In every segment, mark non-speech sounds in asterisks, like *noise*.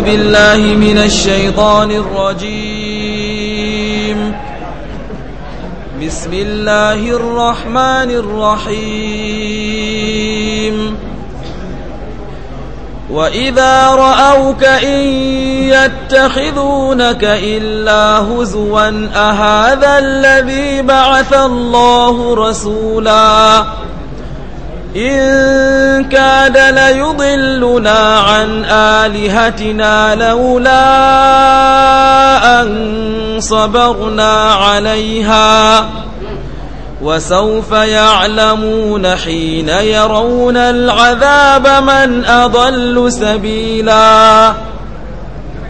بالله من الشيطان الرجيم بسم الله الرحمن الرحيم وإذا رأوك إن يتخذونك إلا هزوا أهذا الذي بعث الله رسولاً إن كاد ليضلنا عن آلهتنا لولا أن صبرنا عليها وسوف يعلمون حين يرون العذاب من أضل سبيلا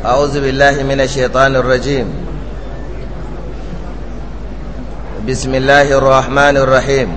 أعوذ بالله من الشيطان الرجيم بسم الله الرحمن الرحيم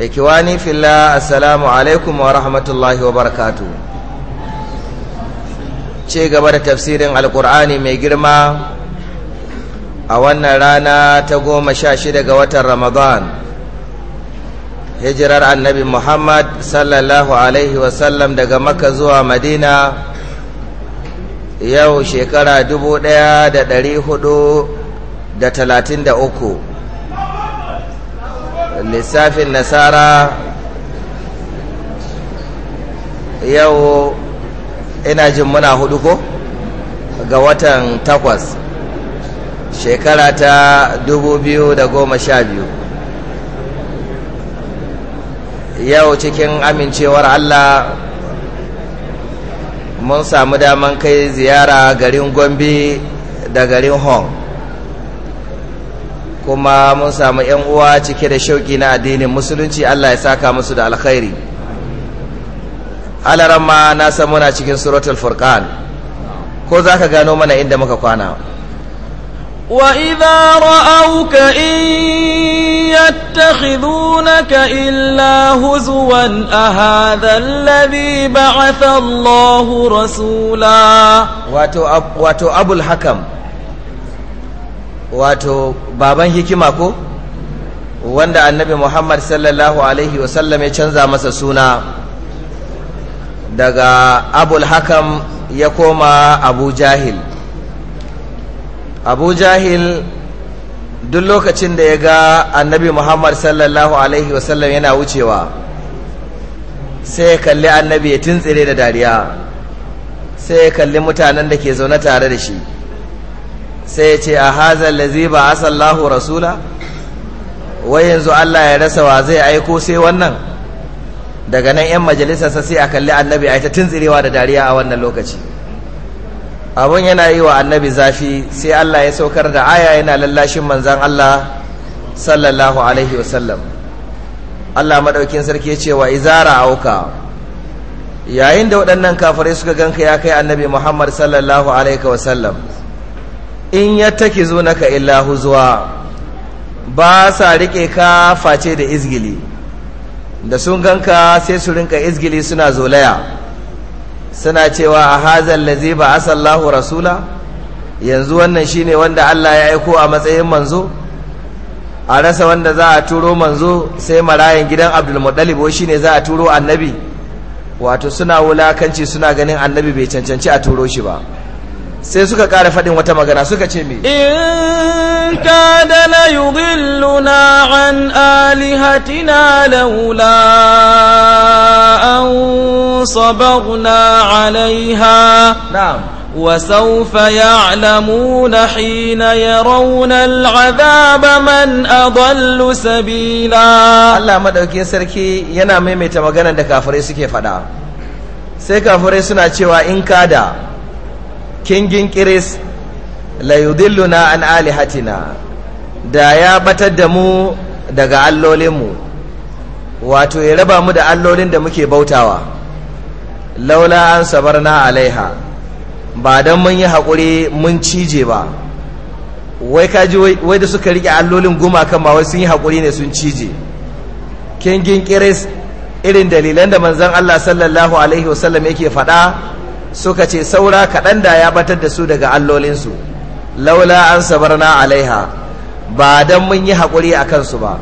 ikiwani filla assalamu alaikum wa rahmatullahi wa barakatu ce gaba da tafsirin alkur'ani mai girma a wannan rana ta goma sha shida ga watan ramadan hijirar annabi muhammad sallallahu alaihi wasallam daga Maka zuwa madina yau shekara dubu ɗaya da ɗari hudu da talatin da uku lissafin nasara yau ina jin muna hudu ko ga watan takwas shekara ta goma sha biyu yau cikin amincewar allah mun samu daman kai ziyara garin gombe da garin hong kuma mun samu yan uwa cike da shauki na addinin musulunci Allah ya saka musu da alkhairi ma na san muna cikin suratul furqan ko zaka gano mana inda muka kwana وإذا رأوك إن illa إلا هزوا أهذا الذي بعث الله رسولا Wato abul الحكم wato baban hikima ko wanda annabi muhammad sallallahu alaihi wasallam ya canza masa suna daga abul hakam ya koma abu jahil abu jahil duk lokacin da ya ga annabi muhammad sallallahu alaihi wasallam yana wucewa sai ya kalli annabi ya tuntsire da dariya sai ya kalli mutanen da ke zaune tare da shi sai ya ce a hazan lazi ba a sallahu rasula wai yanzu Allah ya rasa wa zai aiko sai wannan daga nan 'yan majalisa sai a kalli annabi a yi ta tunzirewa da dariya a wannan lokaci abun yana yi wa annabi zafi sai Allah ya saukar da aya yana lallashin manzan Allah sallallahu alaihi wasallam Allah maɗaukin sarki ce wa izara auka yayin da waɗannan kafirai suka ganka ya kai annabi Muhammad sallallahu alaihi wasallam in ya take zo naka illa huzuwa ba sa riƙe ka face da izgili da sun ganka sai su rinka izgili suna zolaya suna cewa a hazan lazi ba asallahu rasula yanzu wannan shine wanda Allah ya aiko a matsayin manzo a rasa wanda za a turo manzo sai marayan gidan shi ne za a turo annabi wato suna wulakanci suna ganin annabi bai cancanci a turo shi ba sai suka ƙara faɗin wata magana suka ce mai in ka da na yi gillu na an alihati na laula an sabar ya alamu na ya rauna al’adha man abon lusabi na Allah maɗauke sarki yana maimaita magana da kafirai suke faɗa sai kafirai suna cewa in ka da kingin kiris la yudilluna an alihatina da ya batar da mu daga allolinmu wato ya raba mu da allolin da muke bautawa laula an sabarna alaiha ba don mun yi haƙuri mun cije ba wai kaji wai da suka riƙe allolin gumakan ma wai sun yi haƙuri ne sun cije kingin kiris irin dalilan da manzan Allah sallallahu alaihi wasallam yake faɗa suka ce saura kaɗan da ya batar da su daga allolinsu laula an sabarna alaiha ba don mun yi haƙuri a kansu ba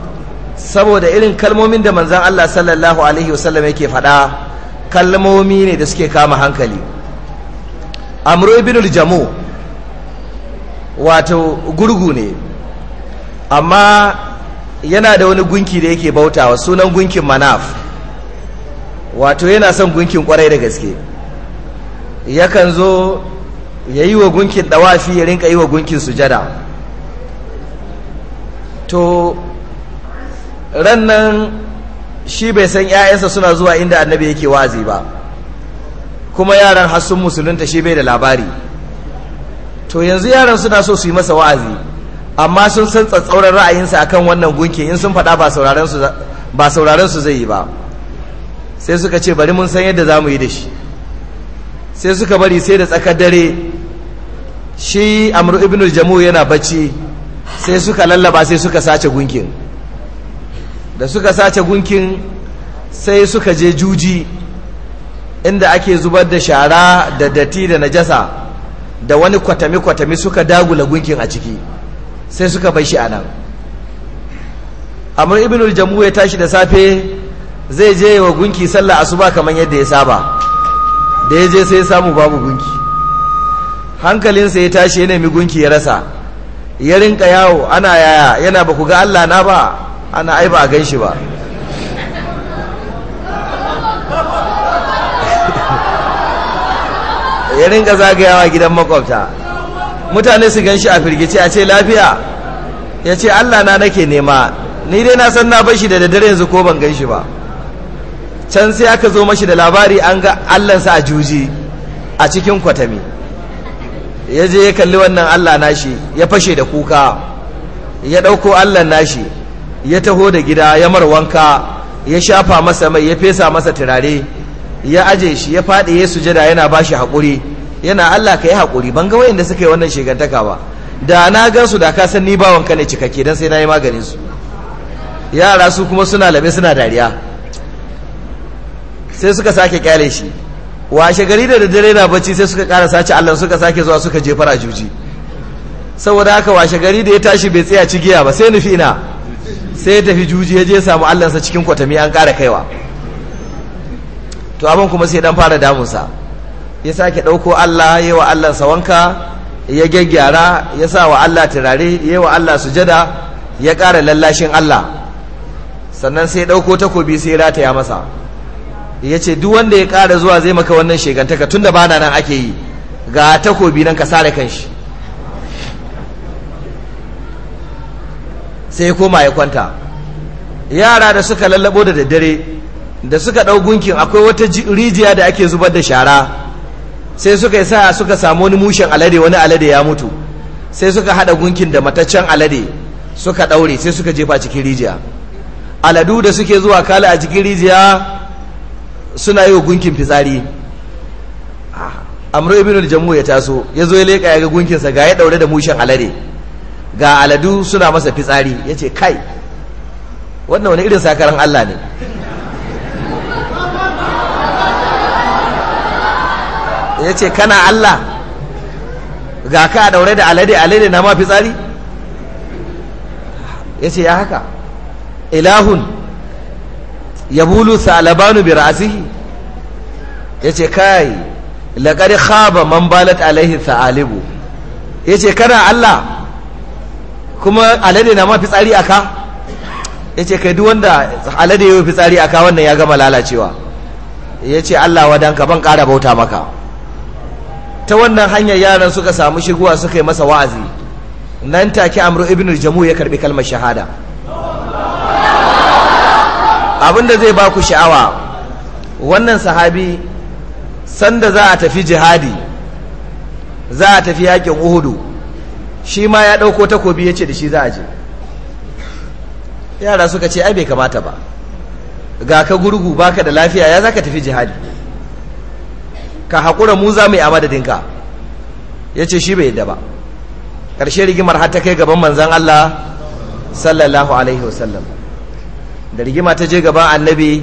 saboda irin kalmomin da manzan Allah sallallahu alaihi wasallam yake faɗa kalmomi ne da suke kama hankali amuro ibn jamu wato gurgu ne amma yana da wani gunki da yake bautawa sunan gunkin manaf wato yana son gunkin kwarai da gaske yakan zo ya yi wa gunkin dawafi ya rinka yi wa gunkin sujada to rannan shi bai san 'ya'yansa suna zuwa inda annabi yake wazi ba kuma yaran hassun musulunta shi bai da labari to yanzu yaran suna so su yi masa wa'azi amma sun san tsatsauran ra'ayinsa akan wannan gunki in sun faɗa ba sauraren su zai yi ba sai suka ce bari mun san yadda za mu yi da shi sai suka bari sai da tsakar dare shi amru ibn jamu yana bacci sai suka lallaba sai suka sace gunkin da suka sace gunkin sai suka je juji inda ake zubar da shara da datti da najasa da wani kwatami-kwatami suka dagula gunkin a ciki sai suka bai shi a nan amur ibn jamu ya tashi da safe zai je wa gunki sallah asuba kamar yadda ya saba da ya je sai samu babu gunki hankalinsa ya tashi ya nemi gunki ya rasa ya rinka yawo ana yaya yana ba ku ga Allah na ba ana ai ba a gan shi ba *laughs* ya rinka zagayawa gidan makwabta mutane su gan shi a firgice a ce lafiya ya ce Allah na nake nema ni dai na san na bashi da daddare yanzu ko ban gan shi ba can sai aka zo mashi da labari an ga allansa a juji a cikin kwatami ya je ya kalli wannan allah nashi ya fashe da kuka ya ɗauko allan nashi ya taho da gida ya wanka, ya shafa masa mai ya fesa masa turare ya aje shi ya faɗi ya sujada yana bashi shi haƙuri yana allah ka yi haƙuri ban ga wayanda suka yi wannan shigantaka ba da na gan su da ka san ni wanka ne cikakke don sai na yi maganin su yara su kuma suna labe suna dariya sai suka sake kyale shi washe gari da dare na bacci sai suka kara sace Allah suka sake zuwa suka jefar a juji saboda haka washe gari da ya tashi bai tsaya giya ba sai nufi ina sai ya tafi juji ya je samu allansa cikin kwatami an kara kaiwa to abin kuma sai dan fara damunsa ya sake dauko Allah ya wa allansa wanka ya gaggyara ya sa wa Allah turare ya wa Allah sujada ya kara lallashin Allah sannan sai ya ɗauko takobi sai ya rataya masa ya ce duk wanda ya kara zuwa zai maka wannan shegantaka tun ba na nan ake yi ga takobi nan ka sare kanshi sai ya koma ya kwanta yara da suka lallabo da daddare da suka ɗau gunkin akwai wata rijiya da ake zubar da shara sai suka sa suka samu wani mushen alade wani alade ya mutu sai suka haɗa gunkin da mataccen alade suka ɗaure sai suka jefa cikin rijiya aladu da suke zuwa kala a cikin rijiya suna yi wa gunkin fitsari amru ibn jamu ya taso ya zo ya leƙa ya ga gunkinsa ga ya daure da mushin alade ga aladu suna masa fitsari ya ce kai wannan wani irin sakaran Allah ne ya ce kana Allah ga ka a daure da alade alade na ma fitsari ya ce ya haka ilahun ya bulu salabanu bi ra'sihi yace kai laqad khaba man balat alaihi sa'alibu yace kana Allah kuma alade na ma fitsari aka yace kai duk wanda alade yayi fitsari aka wannan ya gama lalacewa yace Allah wadanka ban ƙara bauta maka ta wannan hanyar yaran suka samu shiguwa suka yi masa wa'azi nan take amru ibn jamu ya karbi kalmar shahada abinda zai ba ku sha'awa wannan sahabi sanda za a tafi jihadi za a tafi yakin uhudu shi ma ya ɗauko takobi ya ce da shi za a je yara suka ce ai bai kamata ba ga ka gurgu baka da lafiya ya za ka tafi jihadi ka haƙura muza za mu yi a madadinka ya ce shi bai yadda ba ƙarshe rigimar har ta kai gaban manzan Allah sallallahu alaihi wasallam da rigima ta je gaban annabi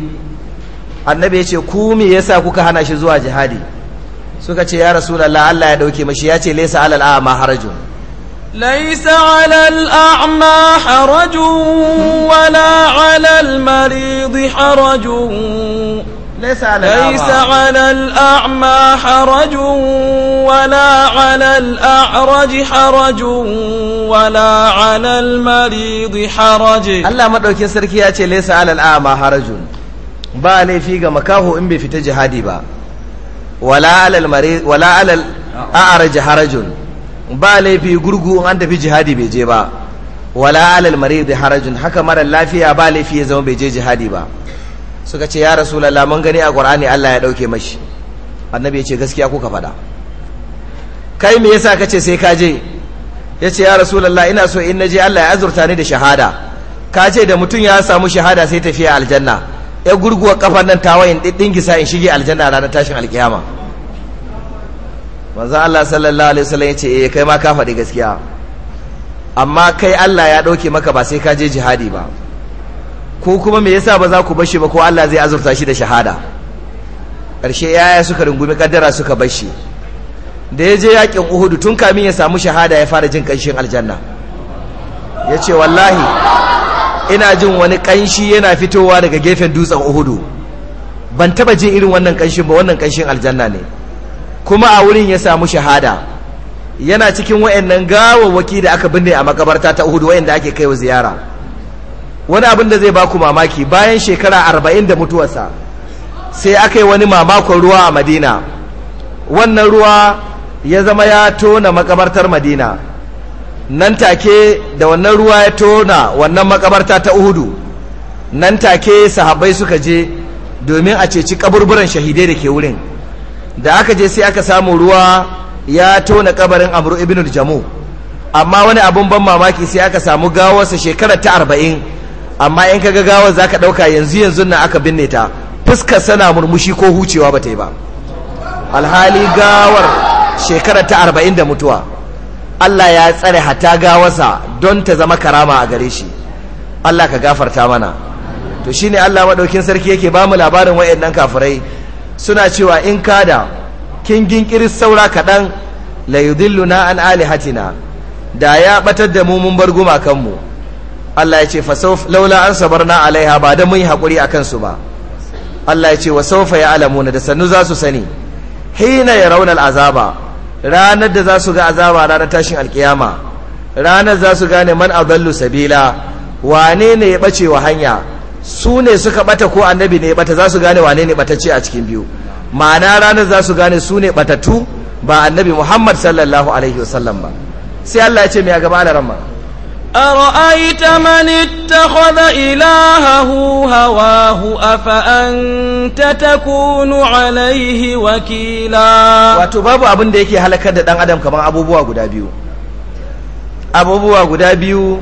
annabi ya ce ku me yasa kuka hana shi zuwa jihadi suka ce ya rasulullah Allah ya dauke mashi ya ce laysa alal a'ma haraju. laysa alal a'ma haraju wala alal marid haraju. ليس على ليس على الأعمى حرج ولا على الأعرج حرج ولا على المريض حرج الله ما دوكي سركي ياتي ليس على الأعمى حرج ba laifi ga makaho in bai fita jihadi ba wala alal a'araji harajun ba laifi gurgu an tafi jihadi bai je ba wala alal marid harajun haka mara lafiya ba laifi ya zama bai je jihadi ba suka ce ya rasulallah mun gani a qur'ani Allah ya dauke mashi annabi ya ce gaskiya kuka faɗa kai me yasa kace sai ka je ya ce ya rasulallah ina so in naje Allah ya azurta ni da shahada ka ce da mutum ya samu shahada sai tafiya aljanna ya gurguwa kafan nan tawayin ɗiɗɗin gisa in shige aljanna ranar tashin alkiyama manzo Allah sallallahu alaihi wasallam ya ce eh kai ma ka gaskiya amma kai Allah ya ɗauke maka ba sai ka je jihadi ba ko kuma me yasa ba za ku bashi ba ko Allah zai azurta shi da shahada ƙarshe yaya suka rungumi kaddara suka bashi da ya je yakin uhudu tun kamin ya samu shahada ya fara jin ƙanshin aljanna ya ce wallahi ina jin wani ƙanshi yana fitowa daga gefen dutsen uhudu ban taba jin irin wannan ƙanshin ba wannan ƙanshin aljanna ne kuma a wurin ya samu shahada yana cikin wayannan gawawwaki da aka binne a makabarta ta uhudu wayanda ake kaiwa ziyara wani abin da zai ba ku mamaki bayan shekara arba'in da mutuwarsa sai aka yi wani mamakon ruwa a madina wannan ruwa ya zama ya tona makabartar madina nan take da wannan ruwa ya tona wannan makabarta ta uhudu nan take sahabbai suka je domin a ceci kaburburan shahidai da ke wurin da aka je sai aka samu ruwa ya tona kabarin amru ibn jamu amma wani abin ban mamaki sai aka samu gawarsa shekara ta arba'in amma in ka ga gawar za ka ɗauka yanzu yanzu na aka binne ta fuskar sana murmushi ko hucewa ba ta yi ba alhali gawar shekarar ta arba'in da mutuwa allah ya tsare hata gawarsa don ta zama karama a gare shi allah ka gafarta mana to shi ne allah maɗaukin sarki yake ba mu labarin wa'annan kafirai suna cewa in ka da kin ginkiri saura kaɗan layudin luna an alihatina da ya ɓatar da mu mun bar gumakanmu Allah ya ce laula an sabarna alaiha ba da mun yi hakuri akan su ba Allah ya ce wa saufa ya alamuna da sannu za su sani hina ya raunar azaba ranar da za su ga azaba ranar tashin alkiyama ranar za su gane man adallu sabila wane ne ya bace wa hanya su ne suka bata ko annabi ne ya bata za su gane wane ne batacce a cikin biyu ma'ana ranar za su gane su ne batattu ba annabi muhammad sallallahu alaihi wasallam ba sai Allah ya ce mai a gaba alaramma أرأيت من اتخذ إلهه هواه أفأنت تكون عليه وكيلا وتباب أبن ديكي هل هلكة دان أدم كمان أبو بوا قدا بيو أبو بوا قدا بيو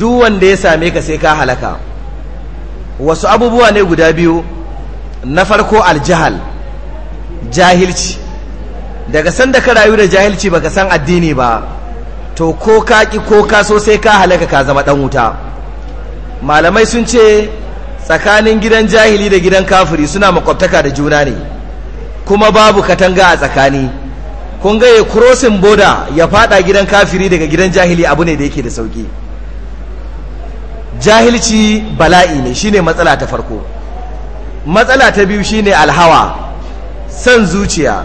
دوان ديسا ميكا سيكا هلكا wasu abubuwa ne guda biyu na farko aljahal jahilci daga sanda ka rayu da jahilci baka san addini ba to ko ka ki ko ka sai ka halaka ka zama ɗan wuta malamai sun ce tsakanin gidan jahili da gidan kafiri suna makwabtaka da juna ne kuma babu katanga a tsakani kun ga ya crossing ya fada gidan kafiri daga gidan jahili abu ne da yake da sauki jahilci bala'i ne shine matsala ta farko matsala ta biyu shine alhawa san zuciya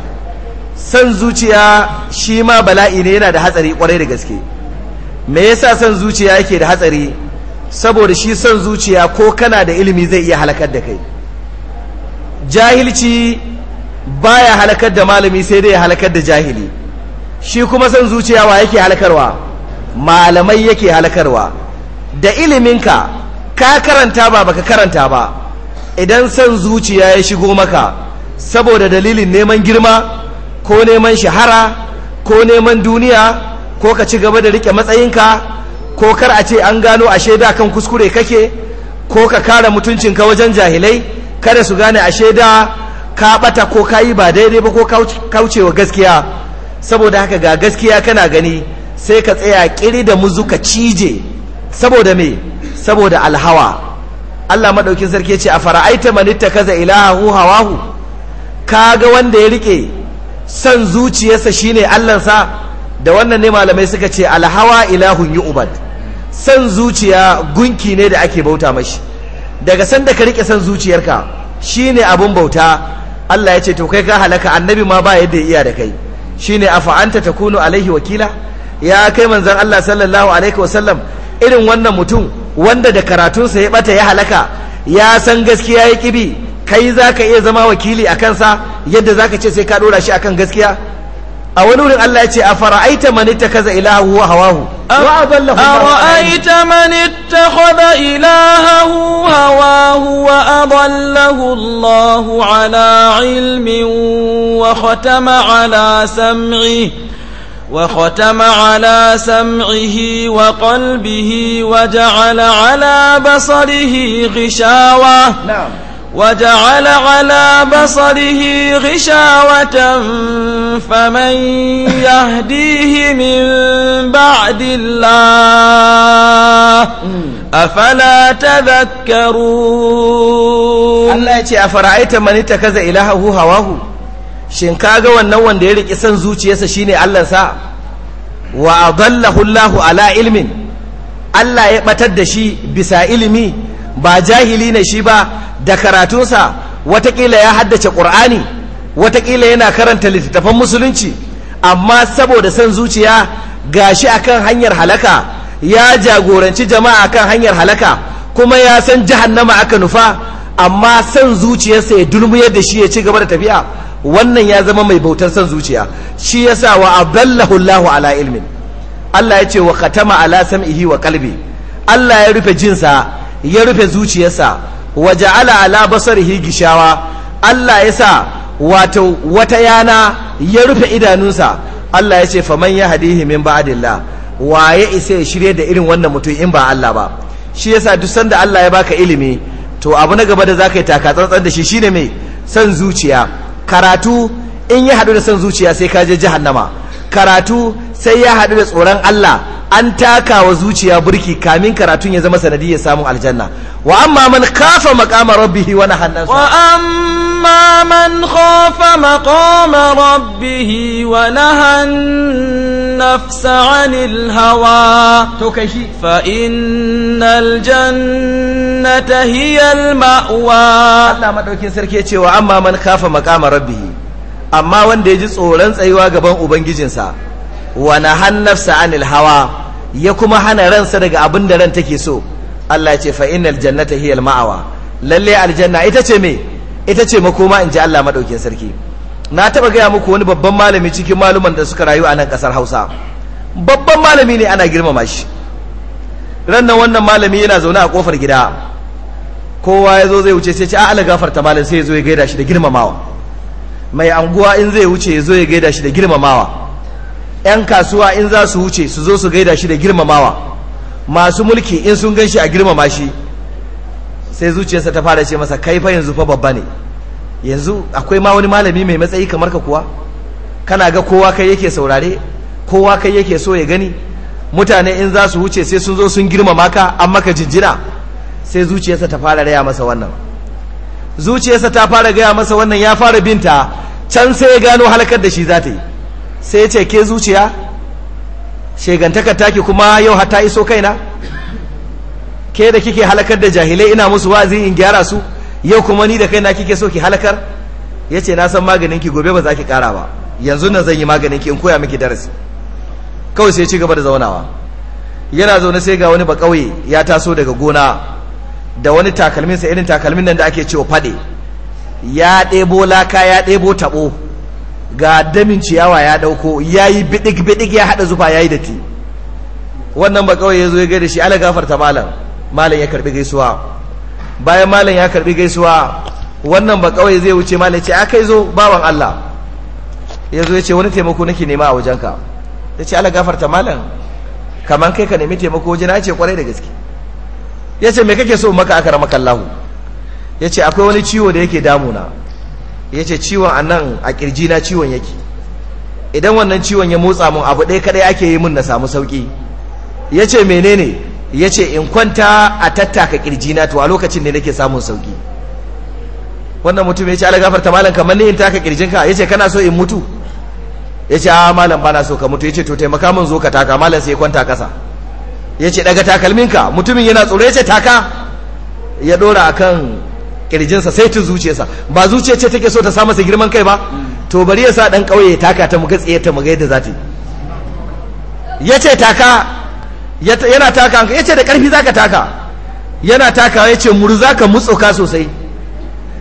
san zuciya shi ma bala'i ne yana da hatsari kwarai da gaske me yasa san zuciya yake da hatsari saboda shi san zuciya ko kana da ilimi zai iya halakar da kai jahilci baya halakar da malami sai dai halakar da jahili shi kuma san zuciya wa yake halakarwa malamai yake halakarwa da iliminka ka karanta ba baka karanta ba idan san zuciya ya shigo maka saboda dalilin neman girma ko neman shahara ko neman duniya ko ka ci gaba da rike matsayinka ko kar a ce an gano ashe da kan kuskure kake ko ka kare mutuncinka wajen jahilai kada su gane ashe da ka bata ko ka yi ba daidai ba ko kaucewa gaskiya saboda haka ga gaskiya kana gani sai ka tsaya kiri da muzu ka cije saboda me saboda alhawa Allah madaukin sarki ce a fara'aita man kaza ilahu hawahu ga wanda ya rike san zuciyarsa shine allansa da wannan ne malamai suka ce alhawa ilahun yu'bad san zuciya gunki ne da ake bauta mashi daga san da ka rike san zuciyarka shi ne abun bauta Allah ya ce to kai ka halaka annabi ma ba yadda iya da kai shine fa'anta ta Kuno alaihi wakila ya kai manzon Allah sallallahu alaihi wasallam irin wannan mutum wanda da karatunsa ya bata ya halaka ya san gaskiya ya kibi kai za ka iya zama wakili a kansa yadda za ka ce sai ka ɗora shi akan gaskiya a wani wurin Allah ya ce a fara'aita man ittakaza ilahu wa hawahu wa adallahu ara'aita man ittakhadha ilahahu hawahu wa adallahu Allahu ala ilmin wa khatama ala sam'ihi وختم على سمعه وقلبه وجعل على بصره غشاوة نعم وجعل على بصره a فمن يهديه من بعد الله أفلا تذكرون الله يتي أفرأيت من اتكذ إلهه هواه shin kaga wannan wanda ya riƙi son zuciyarsa shine Allah sa wa adallahu Allahu ala ilmin Allah ya ɓatar da shi bisa ilimi ba jahili ne shi ba da karatunsa watakila ya haddace ƙur'ani watakila yana karanta littattafan musulunci amma saboda son zuciya ga gashi akan hanyar halaka ya jagoranci jama'a akan hanyar halaka kuma ya san jahannama aka nufa amma son zuciyarsa ya dulmuyar da shi ya ci gaba da tafiya wannan ya zama mai bautar son zuciya shi ya sa wa abdallahu Allahu ala ilmin Allah ya ce wa katama ala sam'ihi wa kalbi Allah ya rufe jinsa ya rufe zuciyarsa wa ja'ala ala basarihi gishawa Allah ya sa wato wata yana ya rufe idanunsa Allah ya ce faman ya hadihi min ba'dillah waye isa ya shirye da irin wannan mutum in ba Allah ba shi yasa duk sanda Allah ya baka ilimi to abu na gaba da zaka yi taka tsantsan da shi shine mai san zuciya karatu in ya hadu da san zuciya sai ka je jahannama karatu sai ya haɗu da tsoron Allah an taka wa zuciya burki kamin karatun ya zama sanadiyar samun aljanna wa amma man kafa maqama rabbihi wa nahanna wa amma man khafa maqama rabbihi wa nahan nafsa 'anil hawa to kai shi fa innal jannata hiya al ma'wa Allah madaukin sarki ya ce wa amma man kafa maqama rabbihi amma wanda ya ji tsoron tsayuwa gaban ubangijinsa wa hannafsa nafsa anil hawa ya kuma hana ransa daga abin da ran take so Allah ce fa'inal innal jannata hiya ma'awa lalle aljanna ita ce me ita ce makoma in ji Allah madaukin sarki na taɓa gaya muku wani babban malami cikin maluman da suka rayu a nan ƙasar Hausa babban malami ne ana girmama shi ran nan wannan malami yana zaune a ƙofar gida kowa ya zo zai wuce sai ce a'a ala gafarta malam sai ya zo ya gaida shi da girmamawa mai anguwa in zai wuce ya zo ya gaida shi da girmamawa 'yan kasuwa in za su wuce su zo su gaida shi da girmamawa masu mulki in sun gan shi a girmama shi sai zuciyarsa ta fara ce masa kai fa yanzu fa babba ne yanzu akwai ma wani malami mai matsayi kamar ka kuwa kana ga kowa kai yake saurare kowa kai yake so ya gani mutane in za su wuce sai sun zo sun girmama ka an maka jinjina sai zuciyarsa ta fara raya masa wannan zuciyarsa ta fara gaya masa wannan ya fara binta can sai ya gano halakar da shi za ta yi sai ya ce ke zuciya shegantaka taki kuma yau hata iso kaina ke da kike halakar da jahilai ina musu wazi in gyara su yau kuma ni da kaina kike so ki halakar ya ce na san maganin ki gobe ba za ki kara ba yanzu nan zan yi maganin ki in koya miki darasi kawai sai ci gaba da zaunawa yana zaune sai ga wani ba kauye ya taso daga gona da wani takalmin sa irin takalmin nan da ake cewa fade, ya ɗebo laka ya ɗebo taɓo ga damin ciyawa ya ɗauko ya yi biɗig-biɗig ya haɗa zufa ya yi datti wannan ba kawai ya zo ya gaida shi ala gafarta malam malam ya karɓi gaisuwa bayan malam ya karɓi gaisuwa wannan ba kawai zai wuce malam ya ce a kai zo bawan allah ya zo ya ce wani taimako nake nema a wajenka ya ce ala gafarta malam kamar kai ka nemi taimako wajen ce kwarai da gaske ya ce mai kake so maka aka rama kallahu ya ce akwai wani ciwo da yake damuna ya ce ciwon a nan a na ciwon yake idan wannan ciwon ya motsa mun abu ɗaya kaɗai ake yi mun na samu sauƙi ya ce menene ya ce in kwanta a tattaka na to a lokacin ne nake samun sauƙi wannan mutum ya ce ala gafarta malam kamar ni in taka kirjinka ya ce kana so in mutu ya ce a malam bana so ka mutu ya ce to taimaka mun zo ka taka malam sai kwanta kasa ya ce daga takalminka mutumin yana tsoro ya ce taka ya dora a kan kirjinsa sai zuce zuciyarsa ba zuciya ce take so ta sa masa girman kai ba to bari ya sa ɗan ƙauye ya taka ta muka tsaye ta muga yadda za ta ya ce taka yana taka ya ce da ƙarfi za ka taka yana takawa ya ce murza ka mutsuka sosai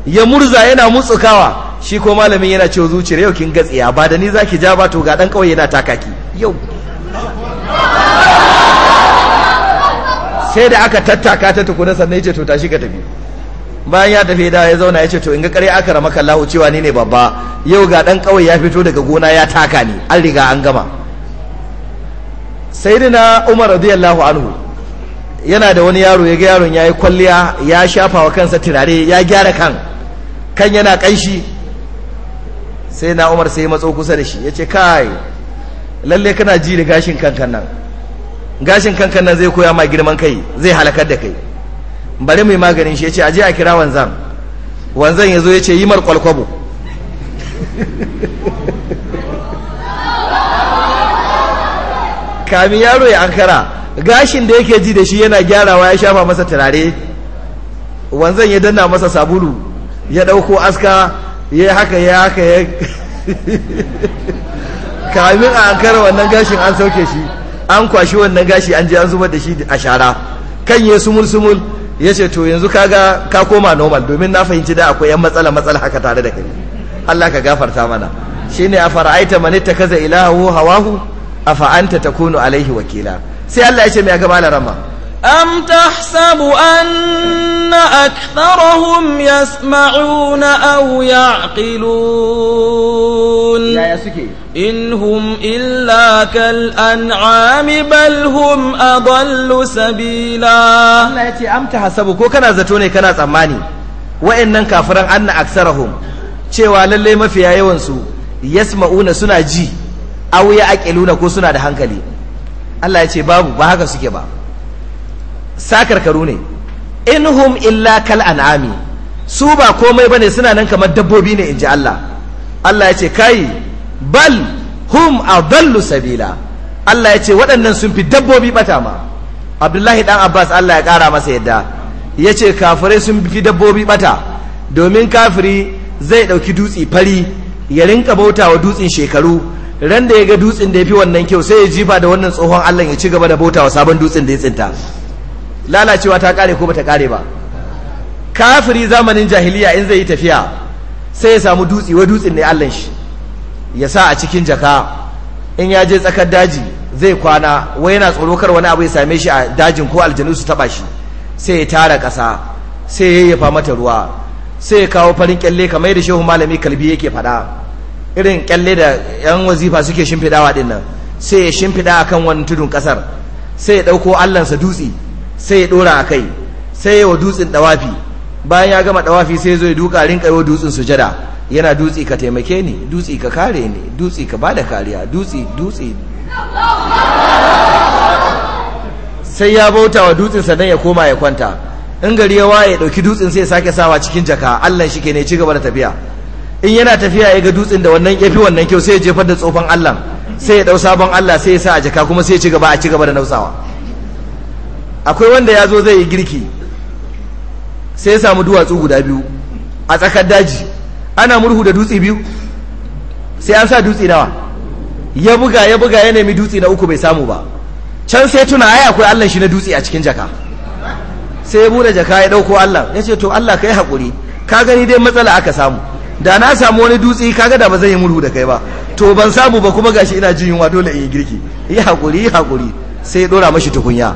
ya murza yana mutsukawa shi ko malamin yana cewa zuciyar yau kin gatsiya ba da ni za ki ja ba to ga ɗan ƙauye yana taka ki yau sai da aka tattaka ta tukuna sannan ya ce to tashi ka tafi bayan ya tafi da ya zauna ya ce to in ga ƙarya aka rama kallahu cewa ni ne babba yau ga dan kawai ya fito daga gona ya taka ni an riga an gama sayyidina umar radiyallahu anhu yana da wani yaro ya ga yaron ya yi kwalliya ya shafa wa kansa turare ya gyara kan kan yana kanshi sai na umar sai matso kusa da shi ya ce kai lalle kana ji da gashin kankan nan gashin kankan nan zai koya ma girman kai zai halakar da kai bari mai maganin shi ya ce aje a kira wanzan wanzan ya zo ya ce yi mar kwalkwabo *laughs* kami yaro ya ankara gashin da yake ji da shi yana gyarawa ya shafa masa turare wanzan ya danna masa sabulu ya ɗauko aska ya haka ya haka ya *laughs* kamin a ankara wannan gashin an sauke shi an kwashi wannan gashi an je an zubar da shi a shara kan ya sumul sumul ya ce to yanzu kaga ka koma normal domin na fahimci da akwai yan matsala matsala haka tare da kai Allah ka gafarta mana shine a fara'aita man ittakaza ilahu hawahu afa anta takunu alaihi wakila sai Allah ya ce mai ga malarama أم تحسب أن أكثرهم يسمعون أو يعقلون إنهم إلا كالأنعام بل هم أضل سبيلا أم تحسب كو كان زتوني كان زماني وإنن كافران أن أكثرهم شوى للي ما yawansu yasma'una suna ji aw ya aqiluna ko suna da hankali Allah ya ce babu ba haka suke ba sakarkaru ne inhum illa kal an'ami su ba komai bane suna nan kamar dabbobi ne inji Allah Allah ya ce kai bal hum adallu sabila Allah ya ce waɗannan sun fi dabbobi bata ma Abdullahi dan Abbas Allah ya ƙara masa yadda ya ce kafirai sun fi dabbobi bata domin kafiri zai ɗauki dutsi fari ya rinka bautawa dutsin shekaru Randa ya ga dutsin da ya fi wannan kyau sai ya jifa da wannan tsohon Allah ya ci gaba da wa sabon dutsin da ya tsinta lalacewa ta kare ko bata kare ba kafiri zamanin jahiliya in zai yi tafiya sai ya samu dutse wai dutsen ne allan shi ya sa a cikin jaka in ya je tsakar daji zai kwana wai yana tsoro kar wani abu ya same shi a dajin ko aljanu su taba shi sai ya tara kasa sai ya yayyafa mata ruwa sai ya kawo farin kyalle kamar da shehu malami kalbi yake faɗa irin kyalle da yan wazifa suke shimfidawa dinnan sai ya shimfida akan wani tudun ƙasar sai ya ɗauko allansa dutse sai ya dora a kai sai ya wa dutsen dawafi bayan ya gama dawafi sai zo ya duka rinka yi wa dutsen sujada yana dutse ka taimake ni dutse ka kare ni dutse ka bada kariya dutse dutse sai ya bauta wa dutsen sannan ya koma ya kwanta in gari ya waye dauki dutsen sai ya sake sawa cikin jaka Allah shi ke ne ci gaba da tafiya in yana tafiya ya ga dutsen da wannan yafi wannan kyau sai ya jefar da tsofan Allah sai ya dau sabon Allah sai ya sa a jaka kuma sai ya ci gaba a ci gaba da nausawa akwai wanda ya zo zai yi girki sai ya samu duwatsu guda biyu a tsakar daji ana murhu da dutse biyu sai an sa dutse nawa ya buga ya buga ya nemi dutse na uku bai samu ba can sai tuna ai akwai allan shi na dutse a cikin jaka sai ya bude jaka ya dauko allan ya ce to allah ka yi haƙuri ka gani dai matsala aka samu da na samu wani dutse kaga da ba zai yi murhu da kai ba to ban samu ba kuma gashi ina jin yunwa dole in yi girki yi haƙuri yi haƙuri sai ya ɗora mashi tukunya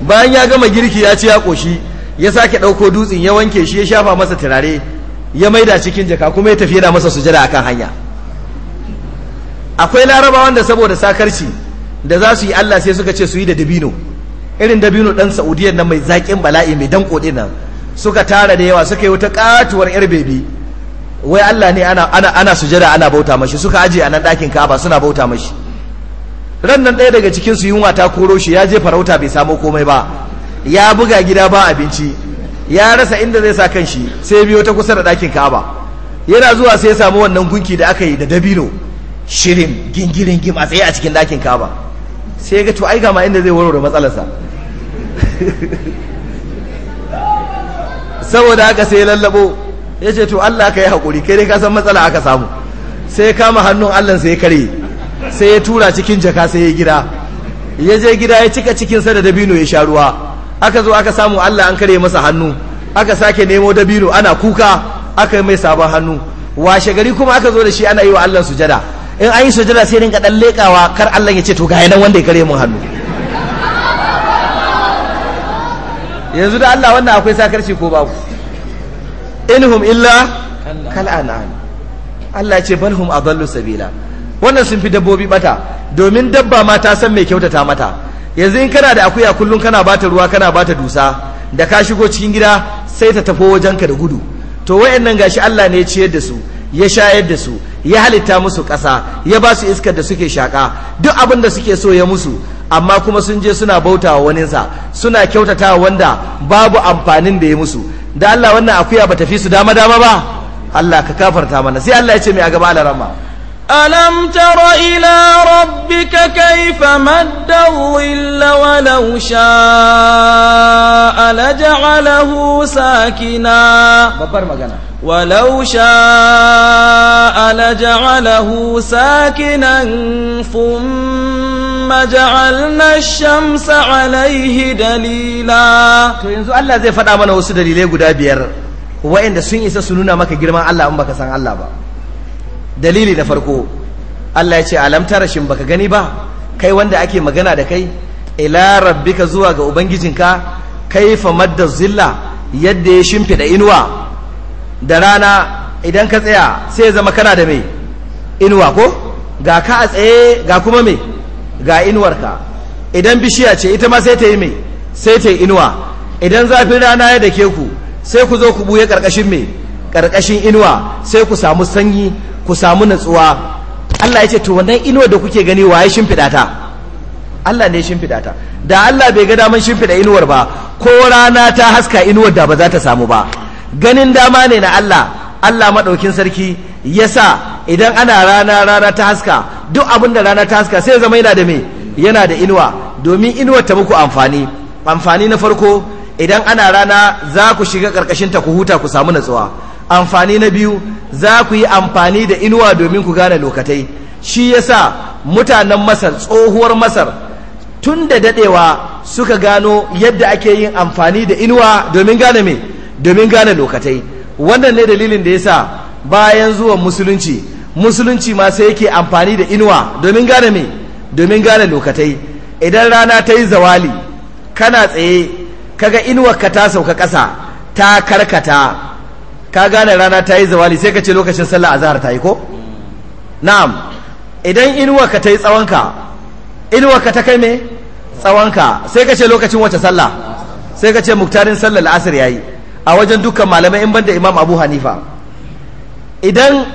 bayan ya gama girki ya ce ya ƙoshi ya sake ɗauko dutsen ya wanke shi ya shafa masa turare ya maida cikin jaka kuma ya tafi yana masa sujada akan hanya akwai larabawa wanda saboda sakarci da za su yi Allah sai suka ce su yi da dabino irin dabino ɗan saudiya nan mai zaƙin bala'i mai danko ɗin nan suka tara da yawa suka yi wata katuwar yar bebi wai Allah ne ana sujada ana bauta mashi suka aje a nan ɗakin Ka'aba suna bauta mashi ran nan ɗaya daga cikin su yunwa ta koro shi ya je farauta bai samo komai ba ya buga gida ba abinci ya rasa inda zai sa kanshi sai biyo ta kusa da ɗakin kaba yana zuwa sai ya samu wannan gunki da aka yi da dabino shirin gingirin gim a tsaye a cikin ɗakin kaba sai ga to ai ga ma inda zai warware matsalarsa *laughs* saboda haka sai ya lallabo ya ce to Allah ka yi hakuri kai dai ka san matsala aka samu sai kama hannun Allah sai ya karye sai ya tura cikin jaka sai ya gida ya je gida ya cika cikinsa da dabino ya sha ruwa aka zo aka samu allah an kare masa hannu aka sake nemo dabino ana kuka aka yi mai sabon hannu washe gari kuma aka zo da shi ana yi wa allah sujada in an yi sujada sai rinka dan lekawa kar allah ya ce to ga nan wanda ya kare mun hannu yanzu da allah wannan akwai sakarci ko babu inhum illa kal'anam Allah ce balhum adallu sabila wannan sun fi dabbobi bata domin dabba ma ta san mai kyautata mata yanzu in kana da akuya kullum kana bata ruwa kana bata dusa da ka shigo cikin gida sai ta tafi wajenka da gudu to wayannan gashi Allah ne ya ciyar da su ya shayar da su ya halitta musu kasa ya ba su iskar da suke shaƙa duk abin da suke so ya musu amma kuma sun je suna bauta wa waninsa suna kyautata wanda babu amfanin da ya musu da Allah wannan akuya ba fi su dama dama ba Allah ka kafarta mana sai Allah ya ce mai a gaba alarama ألم تر إلى ربك كيف مد الظل ولو شاء لجعله ساكنا ولو شاء لجعله ساكنا ثم جعلنا الشمس عليه دليلا to yanzu Allah zai faɗa mana wasu dalilai guda biyar waɗanda sun isa su nuna maka girman Allah in baka san Allah ba dalili na farko Allah ya ce alam tara shin baka gani ba kai wanda ake magana da kai ila rabbika zuwa ga ubangijinka kaifa madda zilla yadda ya shimfida inuwa da rana idan ka tsaya sai zama kana da mai inuwa ko ga ka a tsaye ga kuma mai ga inuwarka idan bishiya ce ita ma sai ta yi mai sai ta yi inuwa idan zafin rana ya dake ku sai ku zo ku buye karkashin mai karkashin inuwa sai ku samu sanyi ku samu natsuwa Allah ya ce to wannan inuwar da kuke gani waye shimfiɗa ta Allah ne shimfiɗa ta da Allah bai ga daman shimfiɗa inuwar ba ko rana ta haska inuwar da ba za ta samu ba ganin dama ne na Allah Allah maɗaukin sarki yasa idan ana rana rana ta haska duk abin da rana ta haska sai zama yana da me yana da inuwa domin inuwar ta muku amfani amfani na farko idan ana rana za ku shiga ta ku huta ku samu natsuwa amfani na biyu za ku yi amfani da inuwa domin ku gane lokatai shi yasa mutanen masar tsohuwar masar tun da dadewa suka gano yadda ake yin amfani da inuwa domin gane me domin gane lokatai wannan ne dalilin da yasa bayan zuwan musulunci musulunci ma sai yake amfani da inuwa domin gane me domin gane lokatai idan rana ta yi zawali kana tsaye kaga inuwar ka ta sauka ƙasa ta karkata ka gane rana ta yi zawali sai ka ce lokacin sallah zahar ta yi ko na'am idan inuwa ka ta yi tsawonka inuwa ka ta kai me tsawonka sai ka ce lokacin wace sallah sai ka ce muktarin sallar ya yayi a wajen dukkan malamai in banda imam abu hanifa idan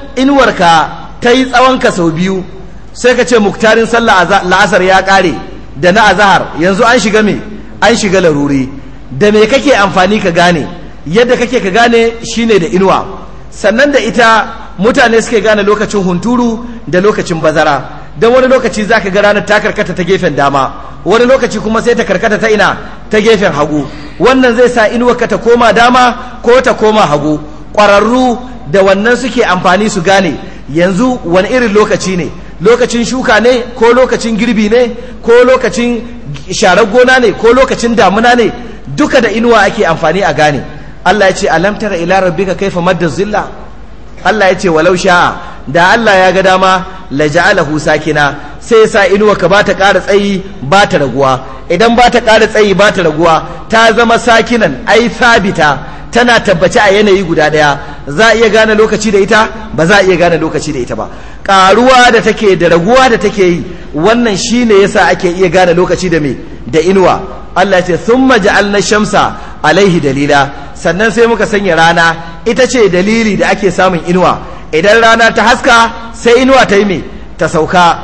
ka ta yi tsawonka sau biyu sai ka ce muktarin sallah la'asar ya kare da na azahar yanzu an shiga me an shiga laruri da me kake amfani ka gane yadda kake ka gane shine da inuwa sannan da ita mutane suke gane lokacin hunturu da lokacin bazara don wani lokaci za ka ga ranar ta karkata ta gefen dama wani lokaci kuma sai ta karkata ta ina ta gefen hagu wannan zai sa inuwa ka ta koma dama ko ta koma hagu ƙwararru da wannan suke amfani su gane yanzu wani irin lokaci ne lokacin shuka ne ko lokacin girbi ne ko lokacin sharar gona ne ko lokacin damuna ne duka da inuwa ake amfani a gane Allah ya ce alam tara ila rabbika kaifa madda zilla Allah ya ce walau sha'a da Allah ya ga dama la ja'alahu sakina sai sa inuwa ka bata ƙara tsayi bata raguwa idan bata ƙara tsayi bata raguwa ta zama sakinan ai sabita tana tabbaci a yanayi guda daya za a iya gane lokaci da ita ba za a iya gane lokaci da ita ba ƙaruwa da take da raguwa da take yi wannan shine yasa ake iya gane lokaci da me da inuwa Allah ya ce thumma ja'alna shamsa alaihi dalila sannan sai muka sanya rana ita ce dalili da ake samun inuwa idan rana ta haska sai inuwa ta yi mai ta sauka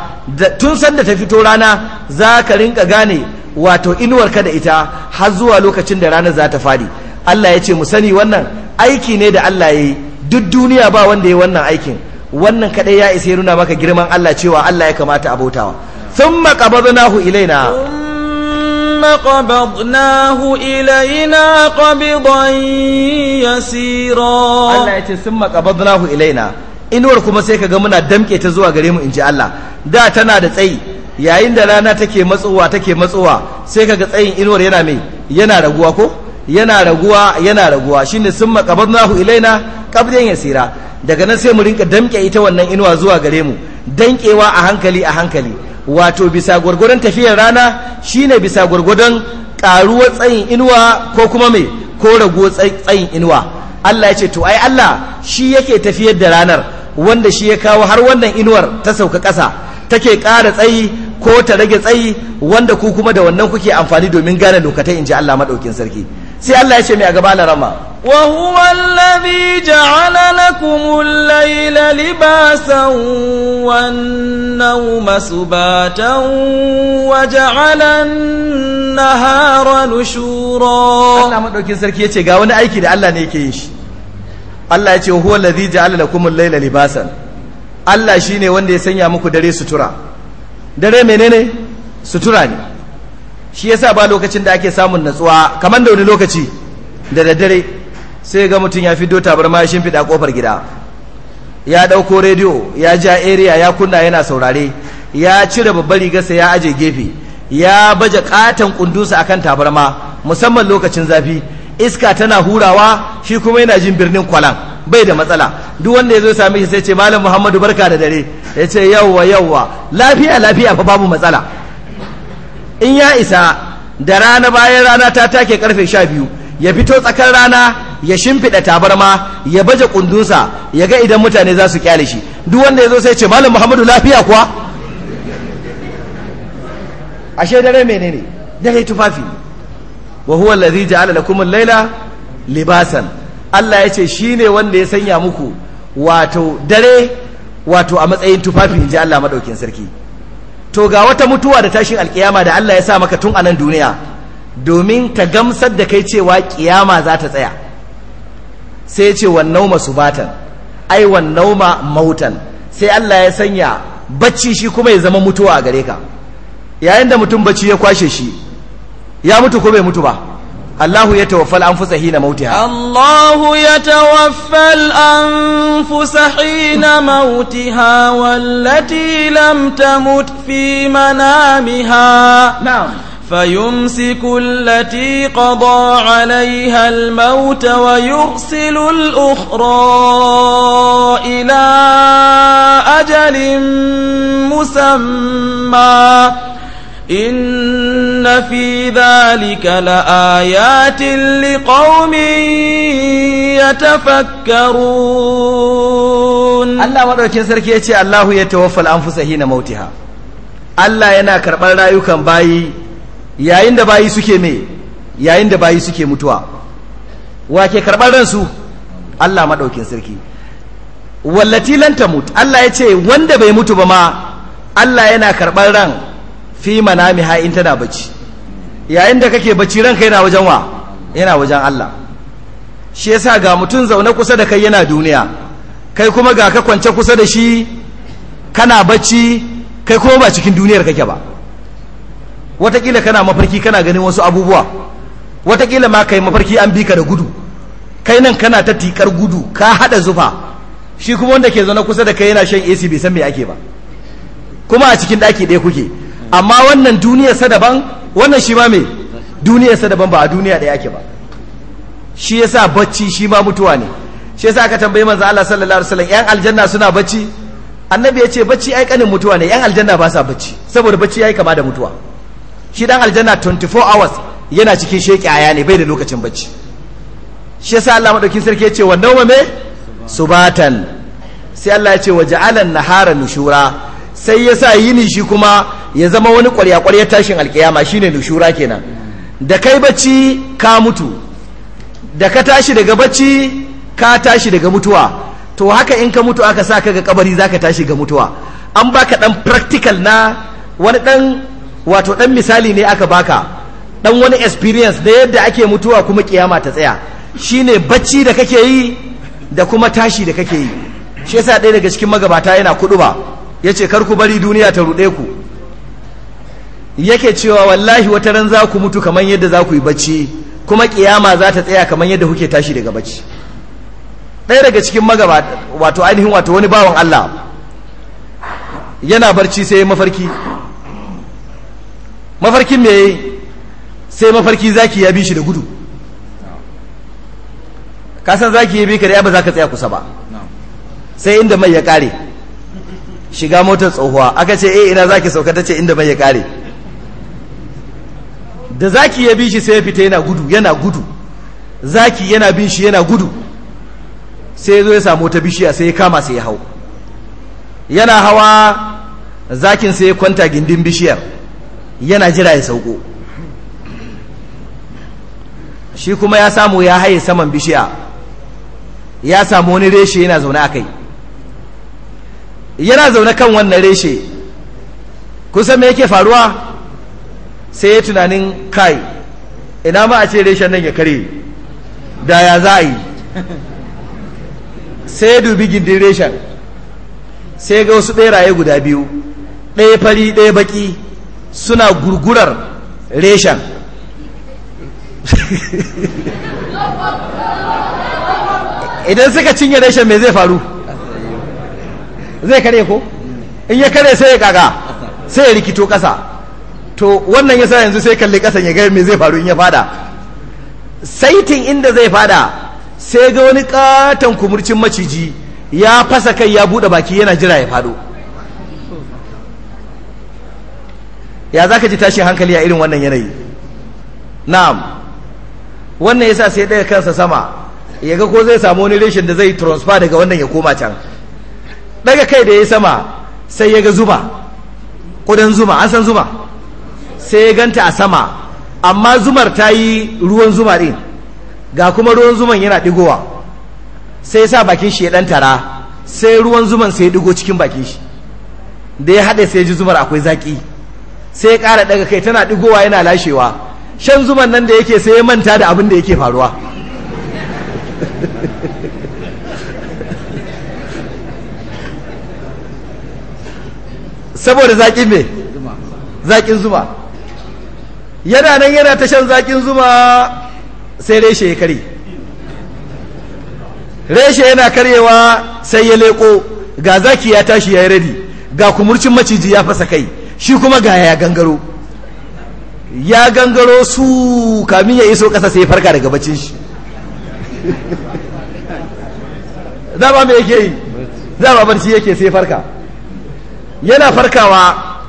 tun sanda ta fito rana za ka rinka gane wato inuwar ka da ita har zuwa lokacin da rana za ta fadi Allah ya ce mu sani wannan aiki ne da Allah ya yi duk duniya ba wanda ya wannan aikin wannan kadai ya isa ya nuna maka girman Allah cewa Allah ya kamata a bautawa thumma qabadnahu ilaina ثم قبضناه إلينا قبضا يسيرا الله يتي ثم قبضناه إلينا inuwar kuma sai ka ga muna damke ta zuwa gare mu in ji Allah da tana da tsayi yayin da rana take matsowa take matsowa sai ka ga tsayin inuwar yana mai yana raguwa ko yana raguwa yana raguwa shine sun maqabadnahu ilaina qabdan yasira daga nan sai mu rinka damke ita wannan inuwa zuwa gare mu dankewa a hankali a hankali wato bisa gwargwadon tafiyar rana shine bisa gwargwadon karuwar tsayin inuwa ko kuma mai ko raguwar tsayin inuwa Allah ya ce to ai Allah shi yake tafiyar da ranar wanda shi ya kawo har wannan inuwar ta sauka ƙasa take ƙara tsayi ko ta rage tsayi wanda ku kuma da wannan kuke amfani domin gane lokacin in ji Allah maɗaukin sarki sai Allah ya ce mai a gaba larama wa huwa alladhi ja'ala lakum al-layla libasan wan-nawma subatan wa ja'ala an-nahara nushura Allah madaukin sarki ce, ga wani aiki da Allah ne yake yi shi Allah ya ce huwa alladhi ja'ala lakum al-layla libasan Allah shi ne wanda ya sanya muku dare sutura dare menene sutura ne shi yasa ba lokacin da ake samun natsuwa kamar da wani lokaci da daddare sai ga mutum ya fi fito tabarma ya shimfiɗa kofar gida ya ɗauko rediyo ya ja area ya kunna yana saurare ya cire babbar rigarsa ya aje gefe ya baje katon kundusa akan tabarma musamman lokacin zafi iska tana hurawa shi kuma yana jin birnin kwalan bai da matsala duk wanda ya zo same shi sai ce malam muhammadu barka da dare ya ce yawwa yawwa lafiya lafiya fa babu matsala in ya isa da rana bayan rana ta take karfe sha biyu ya fito tsakar rana ya shimfiɗa tabarma ya baje kundunsa ya ga idan mutane za su kyale shi duk wanda ya zo sai ce malam muhammadu lafiya kuwa ashe dare menene dare tufafi wa huwa allazi ja'ala lakum al-laila libasan Allah ya ce shi ne wanda ya sanya muku wato dare wato a matsayin tufafi ji Allah madaukin sarki to ga wata mutuwa da tashin alkiyama da Allah ya sa maka tun anan duniya domin ta gamsar da kai cewa kiyama za ta tsaya sai ce wannan su batan ai wannan ma mautan sai Allah ya sanya bacci shi kuma ya zama mutuwa a gare ka yayin da mutum bacci ya kwashe shi ya mutu ko bai mutu ba الله يتوفى الأنفس حين موتها الله يتوفى الأنفس حين موتها والتي لم تمت في منامها نعم فيمسك التي قضى عليها الموت ويرسل الأخرى إلى أجل مسمى إن في ذلك لآيات لقوم يتفكرون الله مدوكين سركي يتي الله يتوفى الأنفس حين موتها Allah yana karɓar rayukan bayi yayin da bayi suke me yayin da bayi suke mutuwa wa ke karɓar ransu Allah maɗaukin sarki wallati lan tamut Allah ya ce wanda bai mutu ba ma Allah yana karɓar ran fi manamiha in tana bacci yayin da kake bacci ranka yana wajen wa yana wajen Allah shi yasa ga mutum zaune kusa da kai yana duniya kai kuma ga ka kwance kusa da shi kana bacci kai kuma ba cikin duniyar kake ba watakila kana mafarki kana ganin wasu abubuwa watakila ma kai mafarki an bi ka da gudu kai nan kana ta tikar gudu ka hada zufa shi kuma wanda ke zaune kusa da kai yana shan AC bai san me ake ba kuma a cikin daki ɗaya kuke amma wannan duniyarsa daban wannan shi ma me duniyarsa daban ba a duniya da yake ba shi yasa bacci shi ma mutuwa ne shi yasa aka tambayi manzo Allah sallallahu alaihi wasallam yan aljanna suna bacci annabi ya ce bacci ai kanin mutuwa ne yan aljanna ba sa bacci saboda bacci yayi kama da mutuwa shi dan aljanna 24 hours yana cikin sheki aya ne bai da lokacin bacci shi yasa Allah madaukin sarki ya ce wa nauma me subatan sai Allah ya ce wa nahara nushura sai ya sa yini shi kuma ya zama wani ƙwarya-ƙwarya tashin alkiyama shi ne nushura kenan da kai bacci ka mutu da ka tashi daga bacci ka tashi daga mutuwa to haka in ka mutu aka sa ka ga kabari za ka tashi ga mutuwa an baka ɗan practical na wani ɗan wato ɗan misali ne aka baka ɗan wani experience da yadda ake mutuwa kuma kiyama ta tsaya shine bacci da kake yi da kuma tashi da kake yi shi yasa ɗaya daga cikin magabata yana kuɗu ba ya ce karku bari duniya ta ruɗe ku yake cewa wallahi wata ran za ku mutu kamar yadda za ku yi bacci kuma kiyama za ta tsaya kamar yadda kuke tashi daga bacci ɗaya daga cikin magabata wato ainihin wato wani bawan Allah yana barci sai mafarki mafarkin me sai mafarki zaki ya bi shi da gudu kasan zaki ya bi ka da ba za ka tsaya kusa ba sai inda mai ya kare shiga motar tsohuwa aka ce eh ina zaki sauka tace inda bai ya kare da zaki ya bi shi sai ya fita yana gudu yana gudu zaki yana bin shi yana gudu sai ya zo ya samu ta bishiya sai ya kama sai ya hau yana hawa zakin sai ya kwanta gindin bishiyar yana jira ya sauko shi kuma ya samu ya haye saman bishiya ya samu wani reshe yana zaune a kai yana zaune kan wannan reshe kusan me yake faruwa sai ya tunanin kai ina ma a ce reshen nan ya kare da ya za a yi *laughs* sai ya dubi gindin reshen sai ga wasu ɓeraye guda biyu ɗaya fari ɗaya baki suna gurgurar reshen *laughs* idan suka cinye reshen me zai faru zai kare ko in ya kare sai ya kaga sai ya rikito kasa to wannan yasa yanzu sai kalli kasa ya ga me zai faru in ya fada saitin inda zai fada sai ga wani katon kumurcin maciji ya fasa kai ya bude baki yana jira ya fado ya zaka ji tashin hankali a irin wannan yanayi na'am wannan yasa sai daga kansa sama ya ga ko zai samu wani reshen da zai transfer daga wannan ya koma can daga kai da ya sama sai ya ga zuma ƙudan zuma an san zuma sai ya ganta a sama amma zumar ta yi ruwan zuma ɗin ga kuma ruwan zuman yana ɗigowa sai ya sa bakin shi ya ɗan tara sai ruwan zuman sai ya ɗigo cikin bakin shi da ya haɗe sai ya ji zumar akwai zaƙi sai ya ƙara daga kai tana ɗigowa yana lashewa shan zuman nan da yake sai ya manta da abin da yake faruwa saboda zaƙin me zaƙin zuma yana nan yana ta shan zaƙin zuma sai reshe ya kare reshe yana karyewa sai ya leko ga zaki ya tashi ya yi radi ga kumurcin maciji ya fasa kai shi kuma ga ya gangaro ya gangaro su kamin ya iso ƙasa sai ya farka daga bacin shi *laughs* dama me yake yi dama barci yake sai ya farka yana farkawa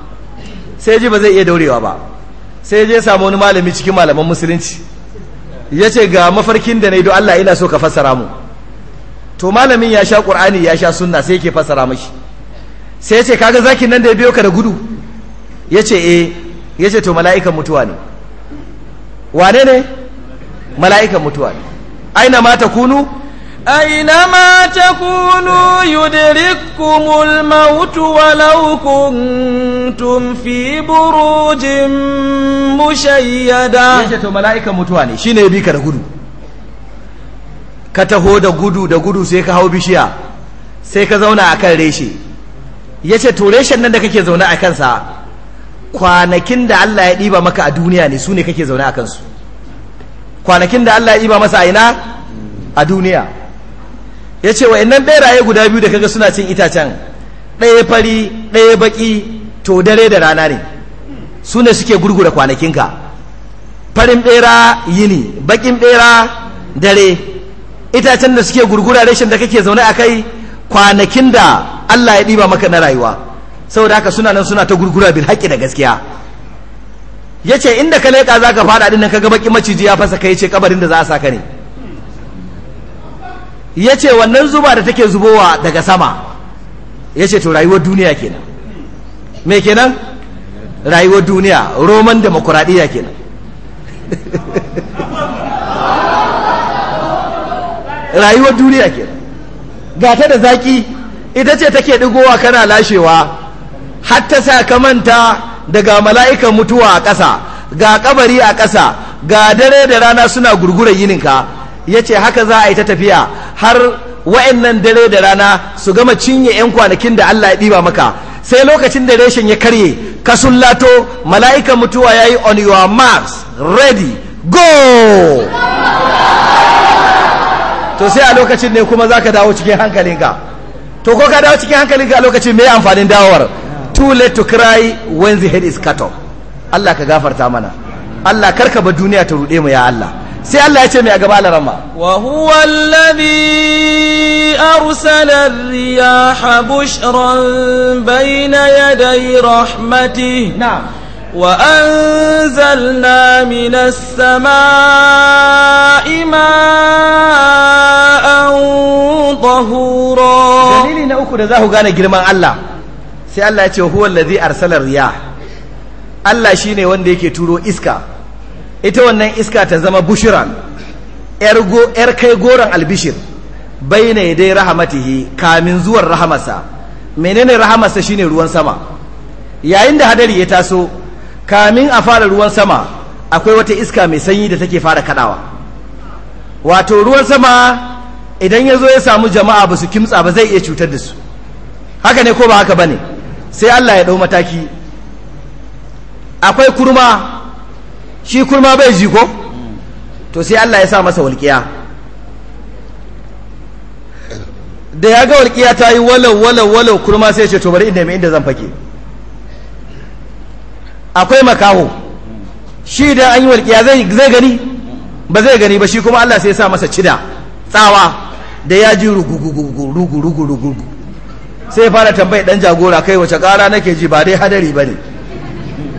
sai ji ba zai iya daurewa ba sai je samu wani malami cikin malaman musulunci ya ce ga mafarkin da na yi Allah ina so ka fassara mu to malamin ya sha ƙur'ani ya sha sunna sai yake fassara mashi sai ya ce kaga zakin nan da ya biyo ka da gudu ya ce eh ya ce to mala'ikan mutuwa ne wane ne mala'ikan mutuwa ne aina ma ta kunu أينما تكونوا يدرككم الموت ولو كنتم في بروج مشيدة yace to متواني mutuwa ne shine ya bi ka da gudu ka taho da gudu da gudu sai ka hau bishiya sai ka zauna reshe yace to reshen nan da kake zaune a kansa kwanakin da Allah ya ɗiba maka a duniya ne su ne kake zaune a kansu kwanakin da Allah ya ɗiba masa a ina a duniya ya ce wa innan beraye guda biyu da kaga suna cin itacen ɗaya fari ɗaya baƙi to dare da rana ne su ne suke gurgura kwanakinka farin ɓera yini baƙin ɓera dare itacen da suke gurgura rashin da kake zaune a kai kwanakin da Allah ya ɗiba maka na rayuwa saboda haka suna nan suna ta gurgura bil haƙƙi da gaskiya ya ce inda ka leƙa za ka faɗa ɗin nan ka ga maciji ya fasa kai ce kabarin da za a sa ka ne ya ce wannan zuba da take zubowa daga sama ya ce to rayuwar duniya kenan me kenan rayuwar duniya roman demokuraɗiyya kenan *laughs* rayuwar duniya kenan gata da zaki ita ce take ɗigowa kana lashewa har ta sa daga mala'ikan mutuwa a ƙasa ga kabari a ƙasa ga dare da rana suna gurgurar yininka ya ce haka za a yi ta tafiya har wa'annan dare da rana su gama cinye 'yan kwanakin da Allah ya ɗiba maka sai lokacin da reshen ya karye ka sullato mala'ikan mutuwa ya yi on your marks ready go to sai a lokacin ne kuma za ka dawo cikin hankalinka to ko ka dawo cikin hankalinka a lokacin mai amfanin dawowar too late to cry when the head is cut off Allah ka gafarta mana Allah karka ba duniya ta ruɗe mu ya Allah sai Allah ya ce mai a gaba larama wa huwa alladhi arsala riyaha bushran bayna yaday rahmatihi na'am وأنزلنا من السماء an طهورا dalili na uku da za ku gane girman Allah sai Allah ya ce huwa allazi arsala riyah Allah shine wanda yake turo iska ita wannan iska ta zama bushiran ‘yar kai goron albishir bai na dai rahamatihi kamin zuwan rahamasa menene rahamasa shine ruwan sama yayin da hadari ya taso kamin a fara ruwan sama akwai wata iska mai sanyi da take fara kadawa wato ruwan sama idan ya zo ya samu jama'a ba su kimtsa ba zai iya cutar da su haka ne ko ba haka ba ne sai allah ya ɗau mataki akwai kurma shi kurma bai ji ko to sai Allah ya sa masa walƙiya da ya ga walƙiya ta yi walau walau walau kurma sai ce to bari inda mai inda zan fake akwai makaho shi da an yi walƙiya zai gani ba zai gani ba shi kuma Allah sai ya sa masa cida tsawa da ya ji rugu-rugu-rugu-rugu sai fara tambayi dan jagora kai wace kara nake ji ba dai hadari ba ne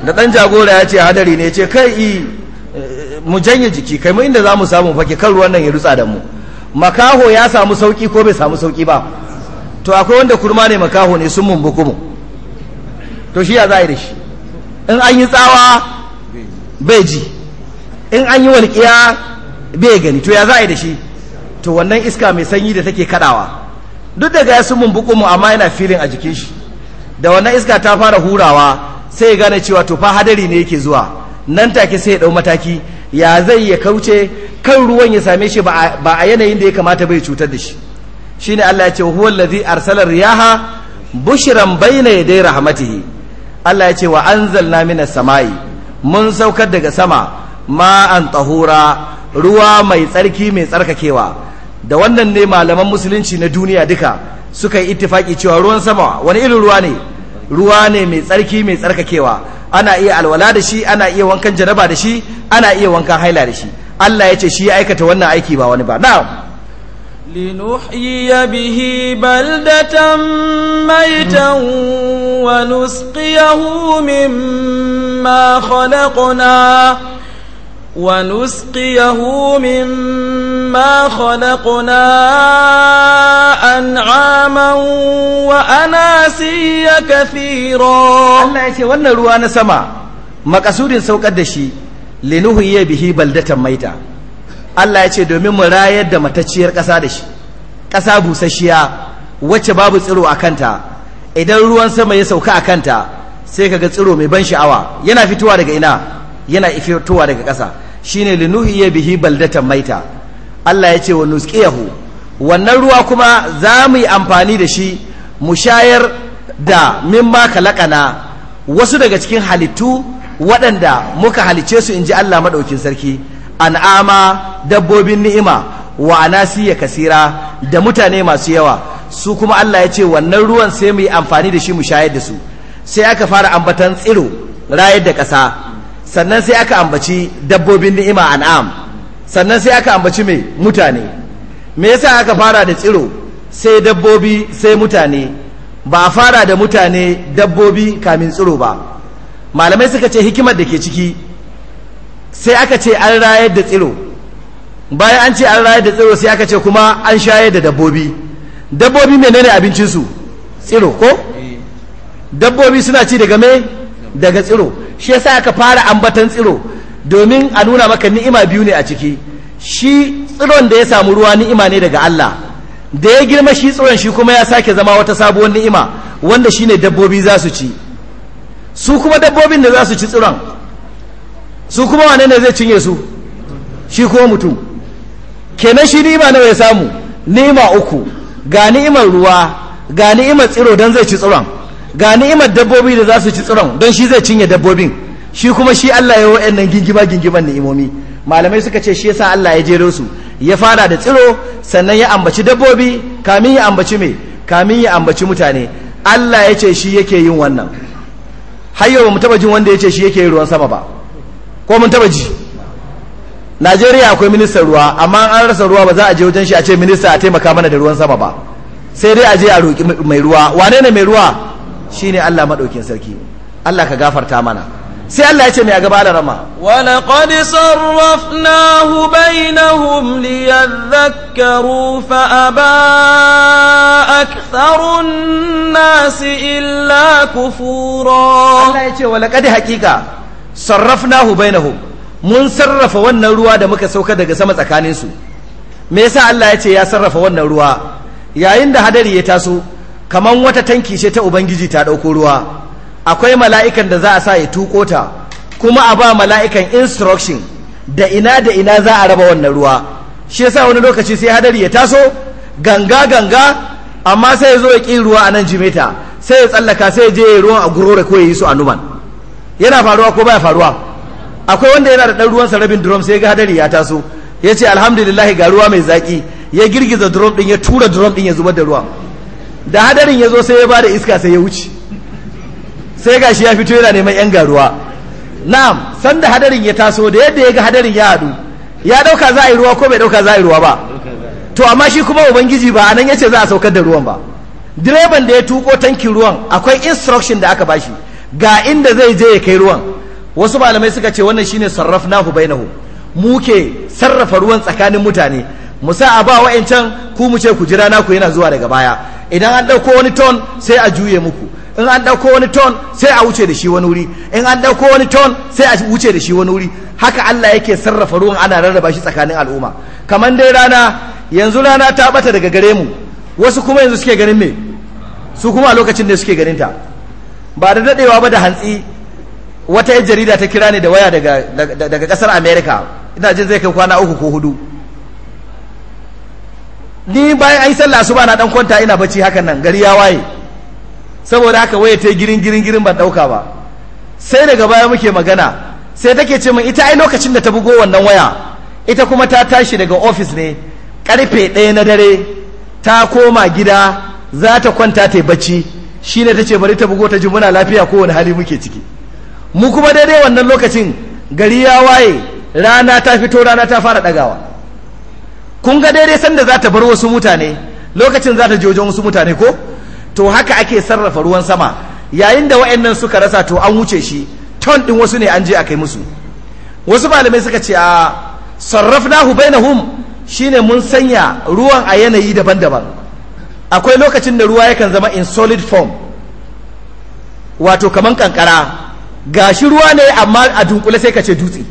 da ɗan jagora ya ce hadari ne ce kai i mu janye jiki kai mu inda za mu samu fake kan ruwan nan ya rutsa da mu makaho ya samu sauki ko bai samu sauki ba to akwai wanda kurma ne makaho ne sun mun bukumu to shi ya za da shi in an yi tsawa bai ji in an yi walƙiya bai gani to ya za da shi to wannan iska mai sanyi da take kadawa duk da ga ya sun mun mu amma yana filin a jikin shi da wannan iska ta fara hurawa sai ya gane cewa to hadari ne yake zuwa nan take sai ya dau mataki ya zai ya kauce kan ruwan ya same shi ba a yanayin da ya kamata bai cutar da shi Shi ne Allah ya ce huwa allazi arsala riyaha bushran bayna yaday rahmatihi Allah ya ce wa anzalna minas samai mun saukar daga sama ma'an tahura ruwa mai tsarki mai tsarkakewa da wannan ne malaman musulunci na duniya duka suka yi ittifaki cewa ruwan sama wani irin ruwa ne ruwa ne mai tsarki mai tsarkakewa ana iya alwala da shi ana iya wankan jaraba da shi ana iya wankan haila da shi Allah ya ce shi ya aikata wannan aiki ba wani ba na'am ya bihi baldatan maitan wa nusqiyahu mimma khalaqna ونسقيه مما خلقنا أنعاما وأناسيا wannan ruwa na sama روانا سما da سوق الدشي لنهي به بلدة maita. Allah ya ce domin mu rayar da matacciyar ƙasa da shi ƙasa busasshiya wacce babu tsiro a kanta idan ruwan sama ya sauka a kanta sai ka ga tsiro mai ban sha'awa yana fitowa daga ina yana fitowa daga ƙasa shine linuhiya bihi baldatan maita Allah ya ce wa nusqiyahu wannan ruwa kuma za mu yi amfani da shi mu shayar da mimma kalakana wasu daga cikin halittu waɗanda muka halice su in ji Allah maɗaukin sarki an'ama dabbobin ni'ima wa anasiya kasira da mutane masu yawa su kuma Allah ya ce wannan ruwan sai mu yi amfani da shi mu shayar da su sai aka fara ambatan tsiro rayar da ƙasa sannan sai aka ambaci dabbobin ni'ima an'am sannan sai aka ambaci mai mutane me yasa aka fara da tsiro sai dabbobi sai mutane ba a fara da mutane dabbobi kamin tsiro ba malamai suka ce hikimar da ke ciki sai aka ce an rayar da tsiro bayan an ce an rayar da tsiro sai aka ce kuma an shayar da dabbobi dabbobi menene abincinsu tsiro ko eh. dabbobi suna ci daga mai daga tsiro shi yasa aka fara ambatan tsiro domin a nuna maka ni'ima biyu ne a ciki shi tsiron da ya samu ruwa ni'ima ne daga Allah da ya girma shi tsiron shi kuma ya sake zama wata sabuwar ni'ima wanda shine dabbobi za su ci su kuma dabbobin da za su ci tsiron su kuma wane ne zai cinye su shi kuma mutum kenan shi ni'ima nawa ya samu ni'ima uku ga ni'imar ruwa ga ni'imar tsiro don zai ci tsiron ga ni'imar dabbobi da za su ci tsiron don shi zai cinye dabbobin shi kuma shi Allah ya wa'annan gingima gingiman ni'imomi malamai suka ce shi yasa Allah ya jero su ya fara da tsiro sannan ya ambaci dabbobi kamin ya ambaci me kamin ya ambaci mutane Allah ya ce shi yake yin wannan har yau mu taba jin wanda ya ce shi yake yin ruwan sama ba ko mun taba ji Najeriya akwai ministan ruwa amma an rasa ruwa ba za a je wajen shi a ce minista a taimaka mana da ruwan sama ba sai dai a je a roki mai ruwa wane ne mai ruwa Shi ne Allah madaukin sarki Allah ka gafarta mana sai Allah ya ce mai a gaba da rama wala qad sarrafnahu bainahum liyadhakkaru fa aba aktharun nas illa kufura Allah ya ce wala qad hakika sarrafnahu bainahum mun sarrafa wannan ruwa da muka sauka daga sama tsakanin su me yasa Allah ya ce ya sarrafa wannan ruwa yayin da hadari ya taso kaman wata tanki ce ta ubangiji ta dauko ruwa akwai mala'ikan da za a sa ya tuko ta kuma a ba mala'ikan instruction da ina da ina za a raba wannan ruwa shi yasa wani lokaci sai hadari ya taso ganga ganga amma sai ya zo ya ƙin ruwa a nan jimeta sai ya tsallaka sai ya je ya ruwan a gurore ko ya yi su a numan yana faruwa ko baya faruwa akwai wanda yana da ɗan ruwansa rabin drum sai ga hadari ya taso ya ce alhamdulillah ga ruwa mai zaƙi ya girgiza drum ɗin ya tura drum ɗin ya zubar da ruwa da hadarin ya zo sai ya ba da iska sai ya wuce sai gashi ya fito yana neman yan garuwa na'am sanda hadarin ya taso da yadda ya ga hadarin ya hadu ya dauka za a yi ruwa ko bai dauka za a yi ruwa ba to amma shi kuma ubangiji ba anan yace za a saukar da ruwan ba direban da ya tuko tankin ruwan akwai instruction da aka bashi ga inda zai je ya kai ruwan wasu malamai suka ce wannan shine sarrafnahu bainahu muke sarrafa ruwan tsakanin mutane mu sa a ba wa'ancan ku mu ce ku jira naku yana zuwa daga baya idan an ɗauko wani ton sai a juye muku in an ɗauko wani ton sai a wuce da shi wani wuri in an ɗauko wani ton sai a wuce da shi wani wuri haka Allah yake sarrafa ruwan ana rarraba shi tsakanin al'umma kamar dai rana yanzu rana ta bata daga gare mu wasu kuma yanzu suke ganin me su kuma a lokacin da suke ganin ta ba da dadewa ba da hantsi wata jarida ta kira ne da waya daga daga kasar America ina jin zai kai kwana uku ko hudu ni bayan yi sallah asuba na dan kwanta ina bacci hakan nan gari ya waye saboda haka waye ta girin girin girin ban dauka ba sai daga baya muke magana sai take ce min ita ai lokacin da ta bugo wannan waya ita kuma ta tashi daga ofis ne karfe ɗaya na dare ta koma gida za ta kwanta ta bacci shi ne ta ce bari ta bugo ta ji muna lafiya kowane hali muke ciki mu kuma daidai wannan lokacin gari ya waye rana ta fito rana ta fara ɗagawa kun ga daidai sanda za ta bar wasu mutane lokacin za ta je wajen wasu mutane ko to haka ake sarrafa ruwan sama yayin da wa'annan suka rasa to an wuce shi ton din wasu ne an je a kai musu wasu malamai suka ce a sarrafnahu bainahum shine mun sanya ruwan a yanayi daban-daban akwai lokacin da ruwa yakan zama in solid form wato kaman kankara gashi ruwa ne amma a dunkule sai ka ce dutse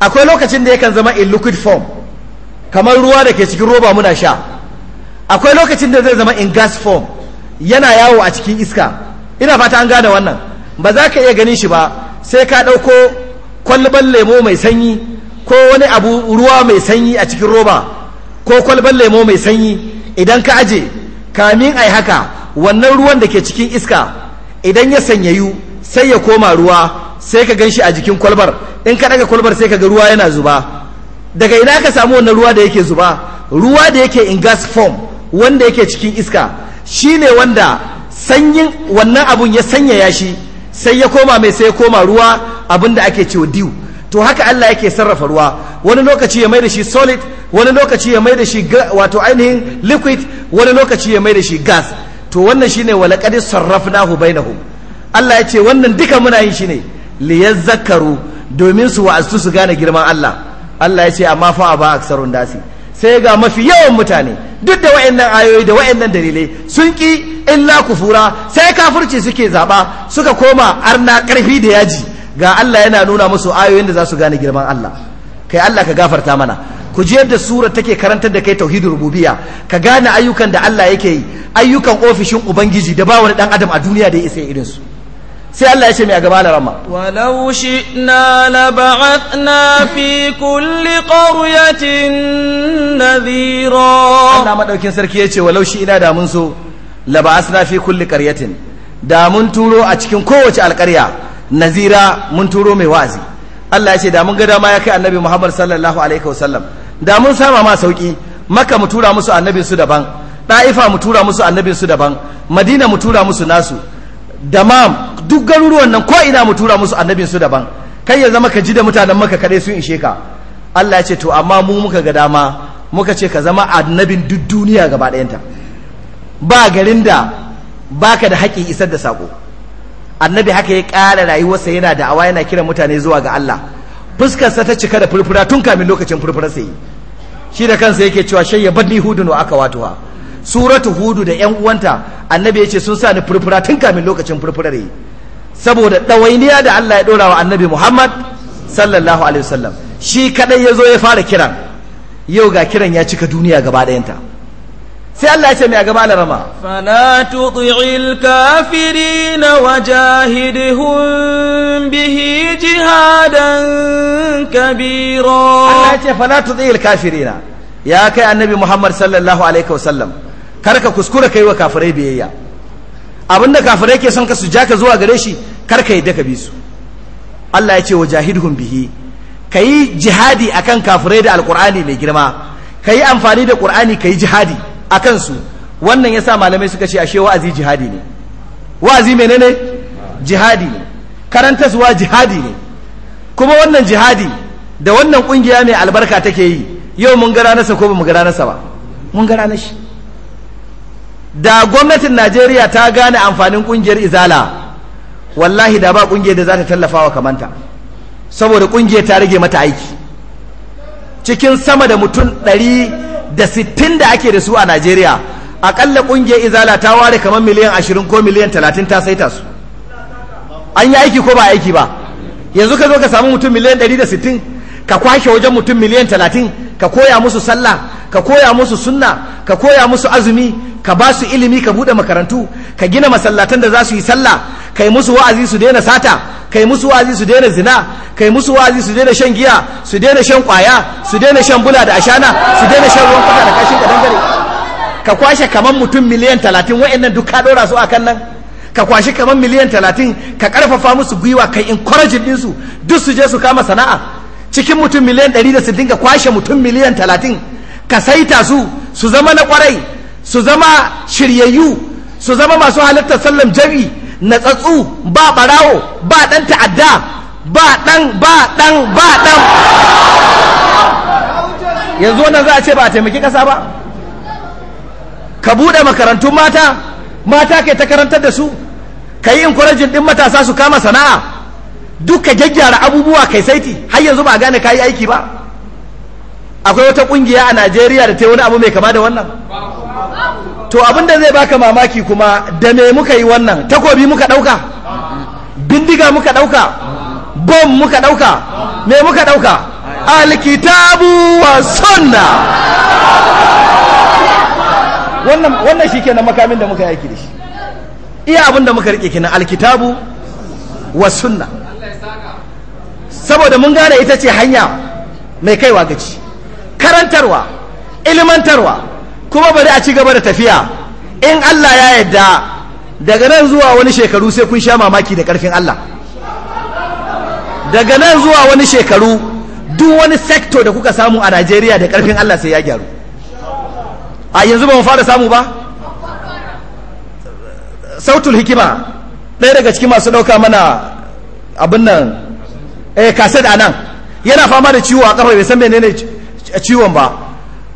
akwai lokacin da yakan zama in liquid form kamar ruwa da ke cikin roba muna sha akwai lokacin da zai zama in gas form yana yawo a cikin iska ina fata an gane wannan ba za ka iya ganin shi ba sai ka ɗauko kwalban lemo mai sanyi ko wani abu ruwa mai sanyi a cikin roba ko kwalban lemo mai sanyi idan ka aje kamin yi haka wannan ruwan da ke cikin iska idan ya sanyayu sai ya koma ruwa sai ka gan shi a jikin kwalbar in ka ɗaga kwalbar sai ka ga ruwa yana zuba daga ina ka samu wannan ruwa da yake zuba ruwa da yake in gas form wanda yake cikin iska shine wanda sanyin wannan abun ya sanyaya shi sai ya koma mai sai ya koma ruwa abin da ake cewa dew to haka Allah yake sarrafa ruwa wani lokaci ya mai shi solid wani lokaci ya mai shi wato ainihin liquid wani lokaci ya mai shi gas to wannan shine walaqad sarrafnahu bainahum Allah ya ce wannan duka muna yin shi ne liyazzakaru domin su wa'azu su gane girman Allah Allah ya ce amma fa ba aksarun dasi sai ga mafi yawan mutane duk da wayannan ayoyi da wayannan dalilai sun ki illa kufura sai kafirci suke zaba suka koma arna karfi da yaji ga Allah yana nuna musu ayoyin da za su gane girman Allah kai Allah ka gafarta mana ku je da sura take karantar da kai tauhidur rububiyya ka gane ayyukan da Allah yake yi ayyukan ofishin ubangiji da ba wani dan adam a duniya da ya isa irin su sai Allah ya ce mai a gaba da rama walau shi'na na fi kulli qaryatin nadhira Allah maɗaukin sarki yace walau ina da mun so na fi kulli karyatin da mun turo a cikin kowace alƙarya nazira mun turo mai wa'azi Allah ya ce da mun ga dama ya kai annabi Muhammad sallallahu alaihi wasallam da mun sama ma sauki maka mu tura musu annabinsu daban ɗa'ifa mu tura musu annabin su daban madina mu tura musu nasu damam duk garuruwan nan ko ina mu tura musu annabin su daban kai ya zama ka ji da mutanen maka kadai sun ishe ka Allah ya ce to amma mu muka ga dama muka ce ka zama annabin duk duniya gaba ɗayanta ba garin da baka da haƙƙin isar da sako annabi haka ya ƙara rayuwarsa yana da awa yana kiran mutane zuwa ga Allah fuskarsa ta cika da furfura tun kamin lokacin furfura sai shi da kansa yake cewa shayya badni hudun wa aka watuwa suratu hudu da yan uwanta annabi ya ce sun sa ni furfura tun kamin lokacin furfurar yi saboda ɗawainiya da Allah ya ɗora wa annabi Muhammad sallallahu alaihi wasallam shi kadai ya zo ya fara kiran yau ga kiran ya cika duniya gaba ɗayanta sai Allah ya ce mai a gaba da rama fala tuti'il kafirin wajahidhum bihi jihadan kabira Allah ya ce fala tuti'il kafirin ya kai annabi Muhammad sallallahu alaihi wasallam kar ka kuskura kai wa kafirai biyayya abinda kafirai ke son ka su ja ka zuwa gare shi kar ka yadda ka bi su Allah ya ce wa jahidhum bihi kayi jihadi akan kafirai da alqur'ani mai girma kayi amfani da qur'ani kayi jihadi akan su wannan yasa malamai suka ce ashe wa'azi jihadi ne wa'azi menene jihadi ne karantaswa jihadi ne kuma wannan jihadi da wannan kungiya mai albarka take yi yau mun gara nasa ko ba mu gara nasa ba mun gara shi. da gwamnatin najeriya ta gane amfanin kungiyar izala wallahi da ba kungiyar da za ta tallafa wa kamanta saboda kungiyar ta rage mata aiki cikin sama da mutum 160 da ake da su a najeriya akalla kungiyar izala ta ware kamar miliyan 20 ko miliyan 30 ta saita su an yi aiki ko ba aiki ba yanzu ka zo ka samu mutum miliyan 160 ka kwashe wajen mutum miliyan 30 ka koya musu sallah ka koya musu sunna ka koya musu azumi ka ba su ilimi ka buɗe makarantu ka gina masallatan da za su yi sallah kai musu wa'azi su daina sata kai musu wa'azi su daina zina kai musu wa'azi su daina shan giya su daina shan kwaya su daina shan bula da ashana su daina shan ruwan kwata da kashin kadangare ka kwashe kaman mutum miliyan talatin wa'annan duk ka dora su akan nan ka kwashi kaman miliyan talatin ka karfafa musu gwiwa ka encourage dinsu duk su je su kama sana'a cikin mutum miliyan ɗari da su dinga kwashe mutum miliyan talatin ka saita su su zama na kwarai su zama shiryayyu su zama masu halittar sallam jari na tsatsu ba barawo ba dan ta'adda ba dan ba dan ba dan yanzu wannan za a ce ba a taimaki kasa ba ka buɗe makarantun mata mata kai ta karantar da su ka yi din ɗin matasa su kama sana'a duk ka gyaggyara abubuwa kai saiti har yanzu ba gane ka yi aiki ba akwai wata kungiya a Najeriya da ta wani abu mai kama da wannan to abin da zai baka mamaki kuma da me muka yi wannan takobi muka dauka bindiga muka dauka bom muka dauka me muka dauka alkitabu wa sunna wannan wannan shikenan makamin da muka yaki da shi iya abin da muka rike kenan alkitabu wa sunna saboda mun gane ita ce hanya mai kaiwa gaci karantarwa ilmantarwa kuma bari a ci gaba da tafiya in Allah ya yadda daga nan zuwa wani shekaru sai kun sha mamaki da karfin Allah daga nan zuwa wani shekaru duk wani sekto da kuka samu a Najeriya da karfin Allah sai ya gyaru a yanzu ba mu fara samu ba sautul hikima ɗaya daga cikin masu ɗauka mana abin nan eh kaset a nan yana fama da ciwo a kafa bai san menene ciwon ba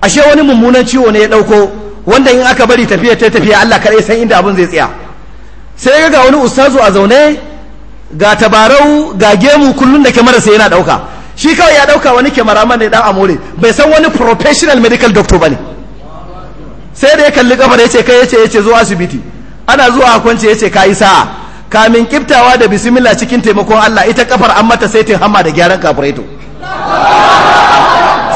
ashe wani mummunan ciwo ne ya dauko wanda in aka bari tafiya ta tafiya Allah ya san inda abun zai tsaya sai ga wani ustazu a zaune ga tabarau ga gemu kullum da kyamara sai yana dauka shi kawai ya dauka wani man ne dan amore bai san wani professional medical doctor ba ne sai da ya kalli kafar yace kai yace yace asibiti ana zuwa a kwance kai ce ka yi sa'a kamin kiftawa da bismillah cikin taimakon Allah ita kafar an mata saitin hamma da gyaran kafureto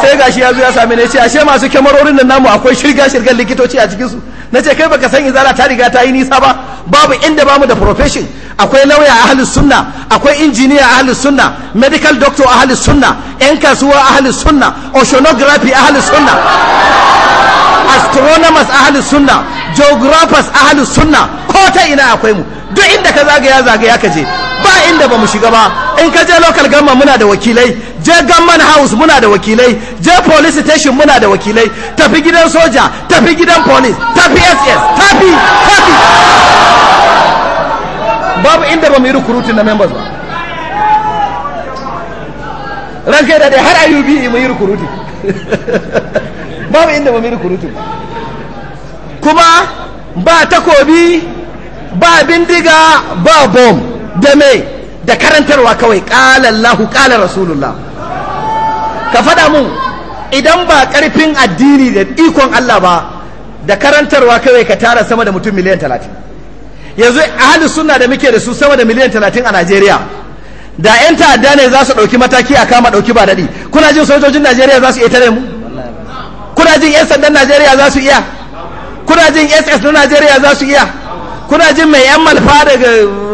sai gashi ya zo ya sami ni ce ashe masu kyamarorin nan namu akwai shirga shirgar likitoci a cikinsu na ce kai baka san izara ta riga ta yi nisa ba babu inda bamu da profession akwai lauya a ahlus sunna akwai injiniya a ahlus sunna medical doctor a ahlus sunna yan kasuwa a ahlus sunna oceanography a ahlus sunna astronomers a ahlus sunna geographers a ahlus sunna ko ta ina akwai mu duk inda ka zagaya zagaya ka je ba inda ba mu shiga ba in ka je local gamma muna da wakilai je gamman house muna da wakilai je police station muna da wakilai tafi gidan soja tafi gidan police tafi ss tafi tafi babu inda ba mu yi recruiting na members ba ranke da dai har ayubi mu yi recruiting *laughs* babu inda ba mu yi recruiting kuma ba takobi ba bindiga ba bom da me da karantarwa kawai ƙalallahu ƙalar rasulullah ka faɗa mun idan ba ƙarfin addini da ikon Allah ba da karantarwa kawai ka tara sama da mutum miliyan talatin yanzu hali suna da muke da su sama da miliyan talatin a Najeriya da 'yan ta'adda ne za su ɗauki mataki a kama ɗauki ba daɗi kuna jin sojojin Najeriya za su iya tare mu kuna jin 'yan sandan Najeriya za su iya kuna jin ss na Najeriya za su iya kuna jin mai 'yan malfa daga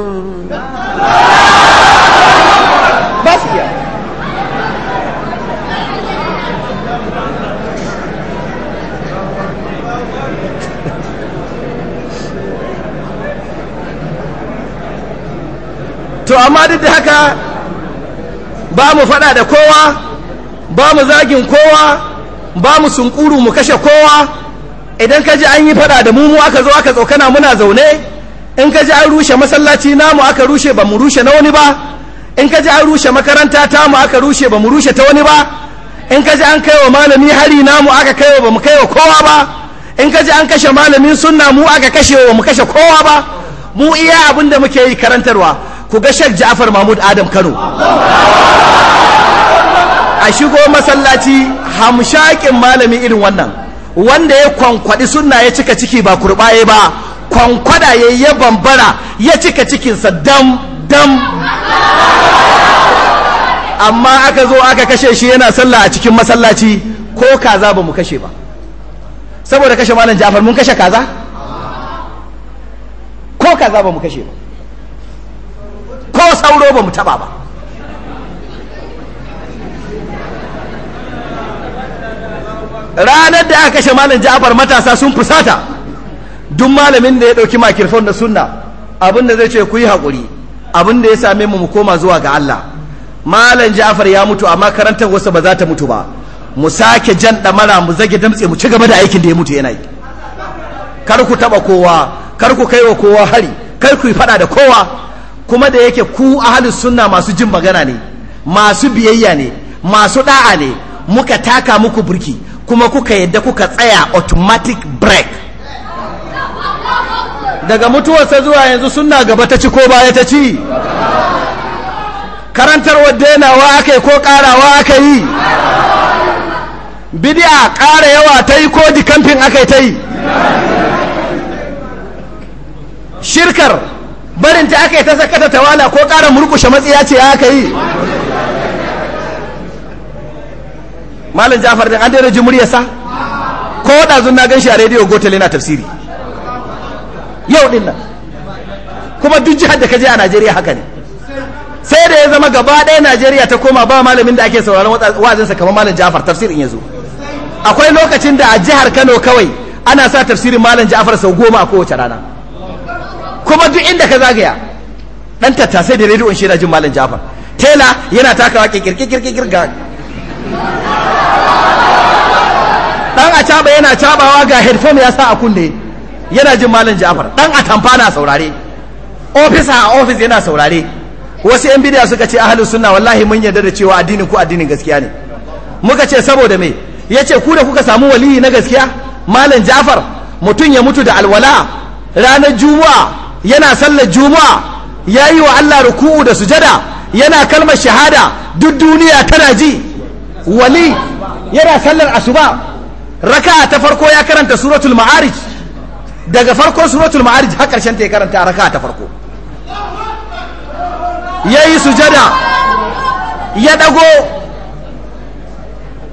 to amma duk da haka ba mu faɗa da kowa ba mu zagin kowa ba mu sunkuru mu kashe kowa idan ka ji an yi faɗa da mu mu aka zo aka tsokana muna zaune in ka ji an rushe masallaci namu aka rushe ba mu rushe na wani ba in ka ji an rushe makaranta mu aka rushe ba mu rushe ta wani ba in ka ji an kai wa malami hari namu aka kai wa ba mu kai wa kowa ba in ka ji an kashe malamin sunna mu aka kashe wa mu kashe kowa ba mu iya abin da muke yi karantarwa ku ga Sheikh Ja'far Mahmud Adam Kano a shigo masallaci hamshakin malami irin wannan wanda ya kwankwadi sunna ya cika ciki ba kurɓaye ba kwankwada ya yi bambara ya cika cikinsa dam dam amma aka zo aka kashe shi yana sallah a cikin masallaci ko kaza ba mu kashe ba saboda kashe malam jafar mun kashe kaza ko kaza ba mu kashe ba ko sauro ba mu taba ba ranar da aka kashe malam jafar matasa sun fusata duk malamin da ya ɗauki makirfon da sunna abin da zai ce ku yi haƙuri abin da ya same mu mu koma zuwa ga Allah malam Ja'far ya mutu amma karantar wasu ba za ta mutu ba mu sake jan ɗamara mu zage damtse mu ci gaba da aikin da ya mutu yana yi kar ku taɓa kowa kar ku kai wa kowa hari kar ku yi faɗa da kowa kuma da yake ku ahalin sunna masu jin magana ne masu biyayya ne masu ɗa'a ne muka taka muku burki kuma kuka yadda kuka tsaya automatic break daga mutuwarsa zuwa yanzu sunna gaba ta ci ko baya ta ci karantar wa aka yi ko karawa aka yi bidiya kara yawa ta yi ko dikamfin aka ta yi shirkar barinta aka yi ta zakata tawala ko kara murkushe matsiya ce aka yi malin jafar din an daina ji muryarsa ko ɗazun na gan shi a rediyo gotel na tafsiri yau din nan kuma duk jihar da ka je a najeriya haka ne sai da ya zama gaba ɗaya najeriya ta koma ba malamin da ake sauraron wazinsa kamar malam jafar tafsir in zo. akwai lokacin da a jihar kano kawai ana sa tafsirin malam jafar sau goma a kowace rana kuma duk inda ka zagaya dan tattase da rediyon shi yana jin malam jafar tela yana takawa kirkirkirkir ga dan a caba yana cabawa ga headphone ya sa a kunne yana jin malam ja'far dan atamfa na saurare ofisa a ofis yana saurare wasu yan bidiya suka ce ahalus sunna wallahi mun yarda da cewa addinin ku addinin gaskiya ne muka ce saboda me yace ku da kuka samu waliyi na gaskiya malam ja'far mutum ya mutu da alwala ranar juma'a yana sallar juma'a yayi wa Allah ruku'u da sujada yana kalmar shahada duk duniya tana ji wali yana sallar asuba raka'a ta farko ya karanta suratul ma'arij daga farkon suratul ma'arij har karshen ta karanta raka ta farko yayi sujada ya dago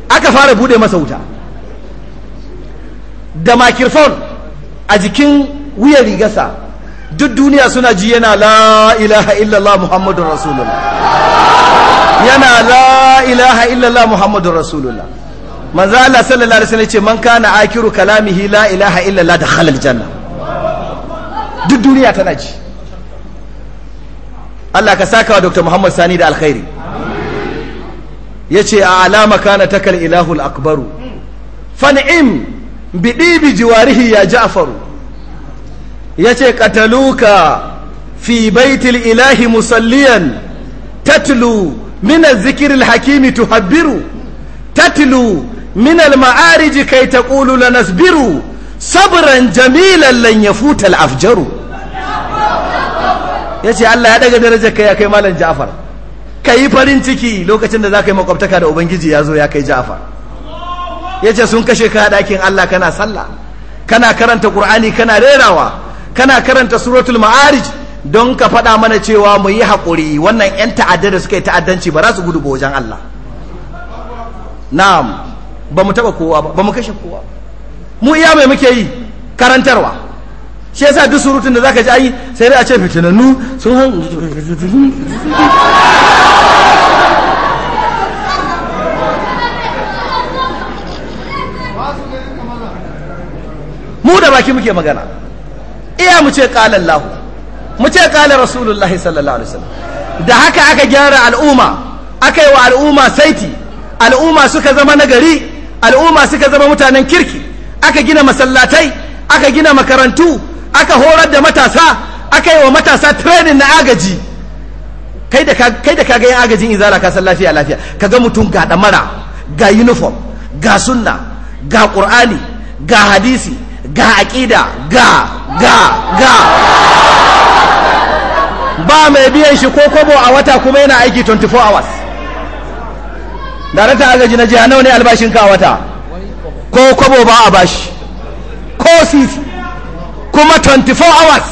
aka fara bude masa wuta da makirfon a jikin wuyan rigarsa duk duniya suna ji yana la ilaha illallah muhammadun rasulullah yana la ilaha illallah muhammadun rasulullah manzo Allah sallallahu alaihi wasallam ce man kana akiru kalamihi la ilaha da dakhala aljanna duk duniya tana ji Allah ka saka wa Dr. Muhammad Sani da alkhairi yace a alama kana takal ilahul akbaru fan'im biɗi bi jiwarihi ya ja'faru yace kataluka fi baitil ilahi musalliyan tatlu min zikiril hakimi tuhabbiru tatlu min al-ma'arij kai taqulu lanasbiru sabran jamilan lan yafuta afjaru yace Allah ya daga darajar kai ya kai malam Ja'far kai farin ciki lokacin da zaka yi makwabtaka da ubangiji ya zo ya kai Ja'far yace sun kashe ka dakin Allah kana sallah kana karanta Qur'ani kana rerawa kana karanta suratul ma'arij don ka faɗa mana cewa mu yi haƙuri wannan 'yan ta'adda da suka yi ta'addanci ba za su gudu ba wajen Allah na'am ba mu taba kowa ba ba mu kashe kowa mu iya mai muke yi karantarwa shi yasa duk surutun da zaka ji ayi sai dai a ce fitinannu sun han mu da baki muke magana iya mu ce kalallahu mu ce kala rasulullahi sallallahu alaihi wasallam da haka aka gyara al'umma aka yi wa al'umma saiti al'umma suka zama nagari al'umma suka zama mutanen kirki aka gina masallatai aka gina makarantu aka horar da matasa aka yi wa matasa training na agaji kai da kaga yin agajin izala ka san lafiya lafiya ga mutum ga damara ga uniform ga sunna ga qur'ani ga hadisi ga aqida ga ga ga ba mai biyan shi ko kobo a wata kuma yana aiki 24 hours darakta agaji na jiya nawa ne albashin ka wata ko kwabo ba a bashi ko sisi kuma 24 hours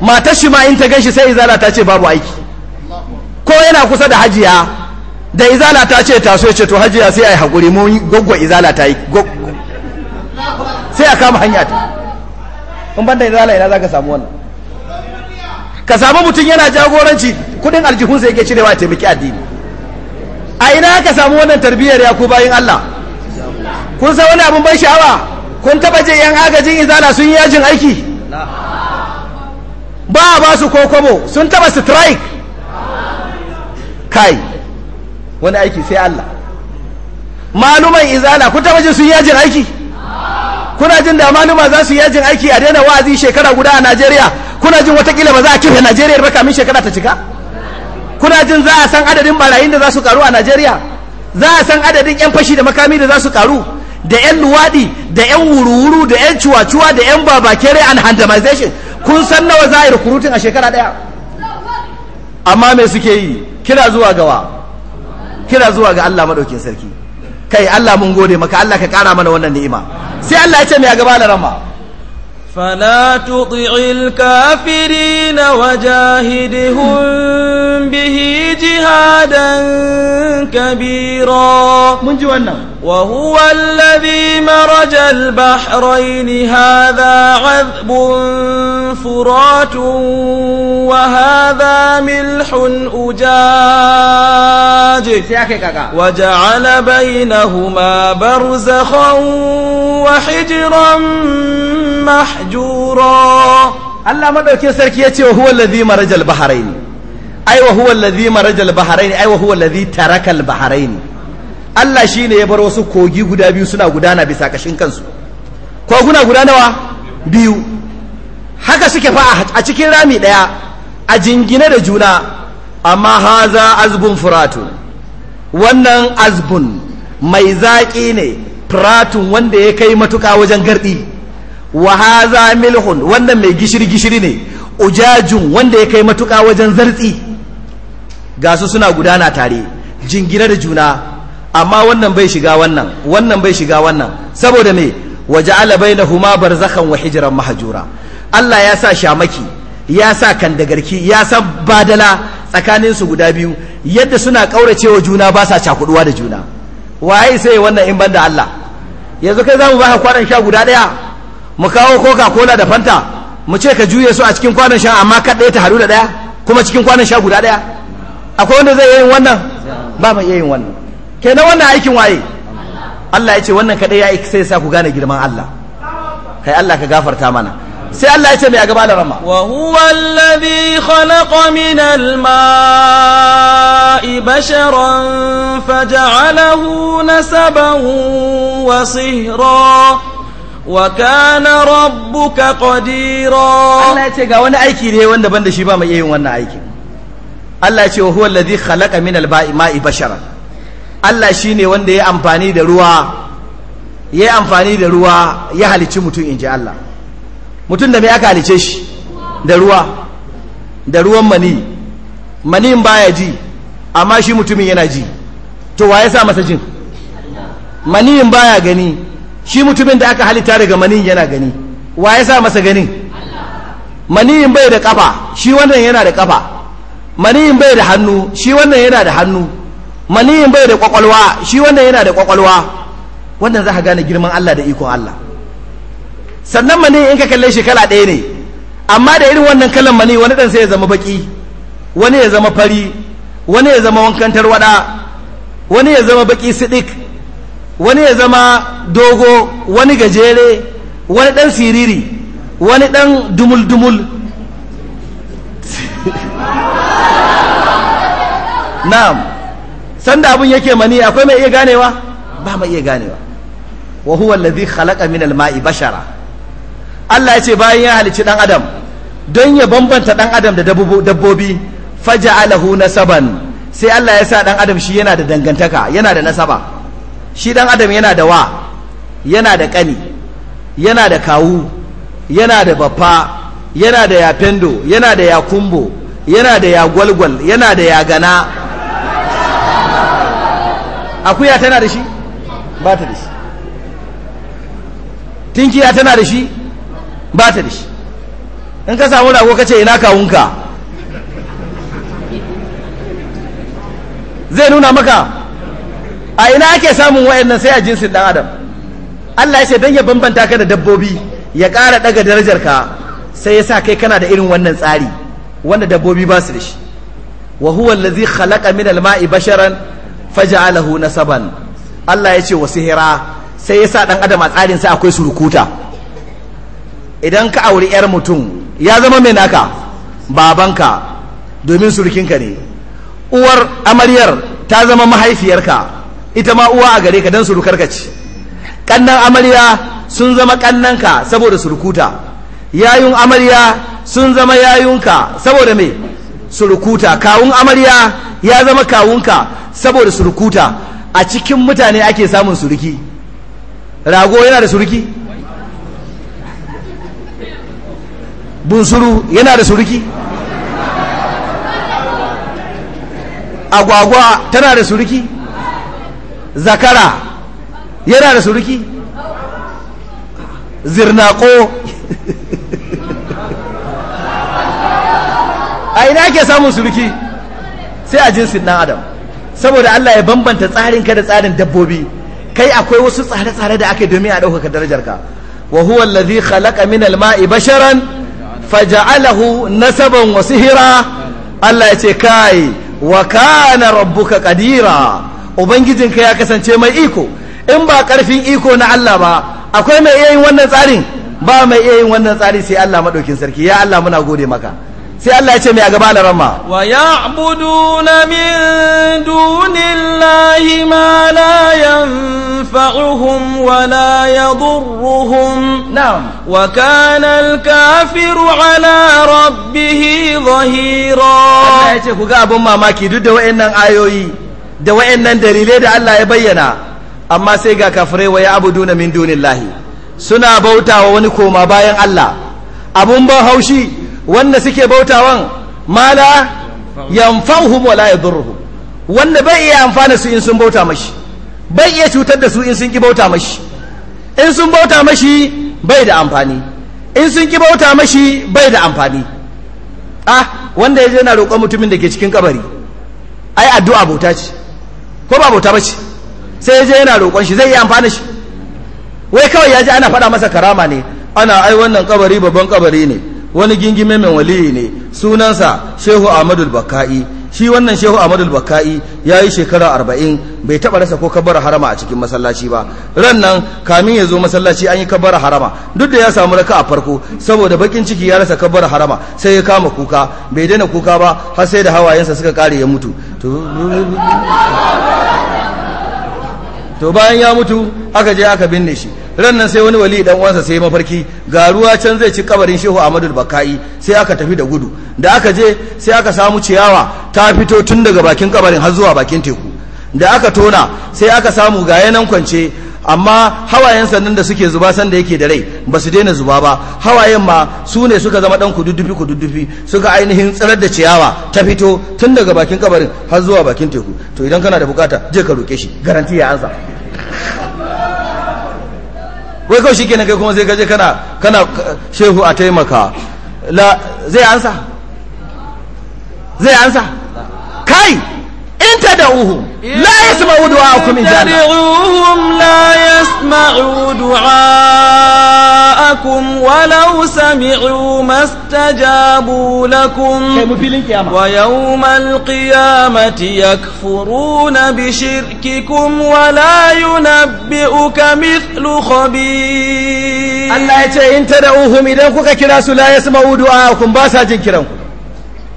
matar shi ma in ta ganshi sai izala ta ce babu aiki ko yana kusa da hajiya da izala ta ce taso ya ce to hajiya sai a yi haƙuri mun gwaggwa izala ta yi sai a kama hanya ta in banda izala ina za ka samu wannan ka samu mutum yana jagoranci kudin aljihunsa yake cirewa taimaki addini a ina ka samu wannan tarbiyyar ya ku bayin Allah kun san wani abin ban sha'awa kun taba je yan agajin izala sun yi yajin aiki ba a ba su kokobo sun taba strike kai wani aiki sai Allah maluman izala kun taba je sun yajin aiki kuna jin da maluma za su yi yajin aiki a daina wa'azi shekara guda a Najeriya kuna jin watakila ba za a kife Najeriya ba kamin shekara ta cika kuna jin za a san adadin barayin da za su karu a najeriya za a san adadin 'yan fashi da makami da za su karu da 'yan luwaɗi da 'yan wuruwuru da 'yan cuwacuwa, da 'yan babakere and handamization kun san nawa za a yi rukurutun a shekara ɗaya amma me suke yi kira zuwa gawa kira zuwa ga allah maɗaukin sarki kai allah mun gode maka allah ka ƙara mana wannan ni'ima sai allah ya ce me ya gaba da rama فلا تطع الكافرين وجاهدهم به جهادا كبيرا من جوانا وهو الذي مرج البحرين هذا عذب فرات وهذا ملح أجاج وجعل بينهما برزخا وحجرا محجورا الله مدوكي سركي يتي وهو الذي مرج البحرين أي وهو الذي مرج البحرين أي وهو الذي ترك البحرين Allah shi ne ya bar wasu kogi guda biyu suna gudana bisa kashin kansu koguna guda nawa biyu haka suke fa a cikin rami ɗaya a jingine da juna amma haza azbun furatun wannan azbun mai zaƙi ne furatun wanda ya kai matuka wajen garɗi wa haza milhun wannan mai gishiri gishiri ne ujajun wanda ya kai matuka wajen zartsi gasu suna gudana tare jingine da juna amma wannan bai shiga wannan wannan bai shiga wannan saboda me waja'ala bainahuma barzakhan wa hijran mahjura Allah ya sa shamaki ya sa kandagarki ya sa badala tsakanin su guda biyu yadda suna kauracewa juna ba sa cakuduwa da juna waye sai wannan in banda Allah yanzu kai zamu baka kwanan sha guda daya mu kawo coca cola da fanta mu ce ka juye su a cikin kwanan sha amma ka daya ta haru da daya kuma cikin kwanan sha guda daya akwai wanda zai yi wannan ba mai iya yin wannan ke na wannan aikin waye Allah ya ce wannan kadai ya sai ya sa ku gane girman Allah kai Allah ka gafarta mana sai Allah ya ce mai a gaba da rama wa huwa alladhi khalaqa min al-ma'i basharan faj'alahu nasaban wa sihra wa kana rabbuka qadira Allah ya ce ga wani aiki ne wanda banda shi ba mai yin wannan aikin Allah ya ce wa huwa alladhi khalaqa min al-ma'i basharan Allah shi ne wanda ya amfani da ruwa ya amfani da ruwa ya halici mutum in ji Allah mutum da mai aka halice shi da ruwa da ruwan mani manin baya ji amma shi mutumin yana ji to wa ya sa masa jin ba baya gani shi mutumin da aka halitta daga maniyin yana gani wa ya sa masa ganin maniyin bai da kafa shi wannan yana da kafa maniyin bai da hannu shi wannan yana da hannu maniyin bai da kwakwalwa shi wannan yana da kwakwalwa wannan za ka gane girman Allah da ikon Allah sannan maniyin in ka kalle shi kala ɗaya ne amma da irin wannan kalan mani wani ɗan sai ya zama baki wani ya zama fari wani ya zama wankan tarwada wani ya zama baki sidik wani ya zama dogo wani gajere wani ɗan siriri wani ɗan dumul-dumul *laughs* na'am sanda abun yake mani akwai mai iya ganewa ba mai iya ganewa wa huwa allazi khalaqa min al-ma'i bashara Allah ya ce bayan ya halicci dan adam don ya bambanta dan adam da dabbobi faja'alahu nasaban sai Allah ya sa dan adam shi yana da dangantaka yana da nasaba shi dan adam yana da wa yana da kani yana da kawu yana da baffa yana da yafendo yana da yakumbo yana da yagwalgwal yana da yagana akuya tana da shi ba ta da shi tinkiya tana da shi ba ta da shi in ka samu rago ka ce ina kawunka zai nuna maka a ina ake samun wa'annan sai a jinsin dan adam Allah ya ce dan ya bambanta ka da dabbobi ya ƙara daga darajar ka sai ya sa kai kana da irin wannan tsari wanda dabbobi ba su da shi wa huwa allazi khalaqa min al-ma'i basharan faja'alahu nasaban Allah ya ce wa sihira sai ya sa dan adam a tsarin sai akwai surukuta idan ka auri yar mutum ya zama mai naka babanka domin surukinka ne uwar amaryar ta zama mahaifiyarka ita ma uwa a gare ka dan surukarka ce kannan amarya sun zama ka saboda surukuta yayun amarya sun zama yayunka saboda me surukuta kawun amarya ya zama kawunka saboda surukuta a cikin mutane ake samun suruki rago yana da suruki bunsuru yana da suruki agwagwa tana da suruki zakara yana da suruki zirnako a ina ake samun suruki sai a jinsin dan adam saboda Allah ya bambanta tsarin ka da tsarin dabbobi kai akwai wasu tsare-tsare da ake domin a ɗaukaka darajar ka wa huwa allazi khalaqa min al-ma'i basharan faja'alahu nasaban wa sihira Allah ya ce kai wa kana rabbuka qadira ubangijinka ya kasance mai iko in ba karfin iko na Allah ba akwai mai iya yin wannan tsarin ba mai iya yin wannan tsari sai Allah madaukin sarki ya Allah muna gode maka sai Allah ya ce mai a gaba da ramma wa dunillahi ma la yanfa'uhum wa la yadurruhum na'am wa kana al-kafiru ala rabbih zahira Allah ya ce ku ga abun mamaki duk da wayannan ayoyi da wayannan dalilai da Allah ya bayyana amma sai ga kafirai wa budu na dunillahi suna bautawa wani koma bayan Allah abun ban haushi wanda suke bautawan mala yanfa'uhum wala yadurruhum wanda bai iya amfana su in sun bauta mashi bai iya cutar da su in sun ki bauta mashi in sun bauta mashi bai da amfani in sun ki bauta mashi bai da amfani ah wanda yaje yana roƙon mutumin da ke cikin kabari ai addu'a bauta ce ko ba bauta bace sai yaje yana roƙon shi zai iya amfana shi wai kawai yaje ana faɗa masa karama ne ana ai wannan kabari babban kabari ne wani gingime mai waliyi ne sunansa shehu ahmadu baka'i shi wannan shehu ahmadu baka'i ya yi shekara arba'in bai taɓa rasa ko kabara harama a cikin masallaci ba ran nan kamin ya zo masallaci an yi kabara harama duk da ya samu raka a farko saboda bakin ciki ya rasa kabara harama sai ya kama kuka bai daina kuka ba har sai da hawayensa suka kare ya mutu to bayan ya mutu aka je aka binne shi rannan sai wani wali dan uwansa sai mafarki ga ruwa can zai ci kabarin shehu Ahmadu Bakai sai aka tafi da gudu da aka je sai aka samu ciyawa ta fito tun daga bakin kabarin har zuwa bakin teku da aka tona sai aka samu ga yanan kwance amma hawayen sannan da suke zuba san da yake da rai ba su daina zuba ba hawayen ma su ne suka zama dan kududdufi kududdufi suka ainihin tsirar da ciyawa ta fito tun daga bakin kabarin har zuwa bakin teku to idan kana da bukata je ka roke shi garanti ya ansa wai kawai shikenan kai kuma zai gaje kana kana shehu a taimaka la zai ansa zai ansa kai in ta da uhu لا يسمعوا دعاءكم إجابة يتبعوهم لا يسمعوا دعاءكم ولو سمعوا ما استجابوا لكم ويوم القيامة يكفرون بشرككم ولا ينبئك مثل خبير الله يتعي انت دعوهم إذا كنت كراسوا لا يسمعوا دعاءكم باسا جن كرام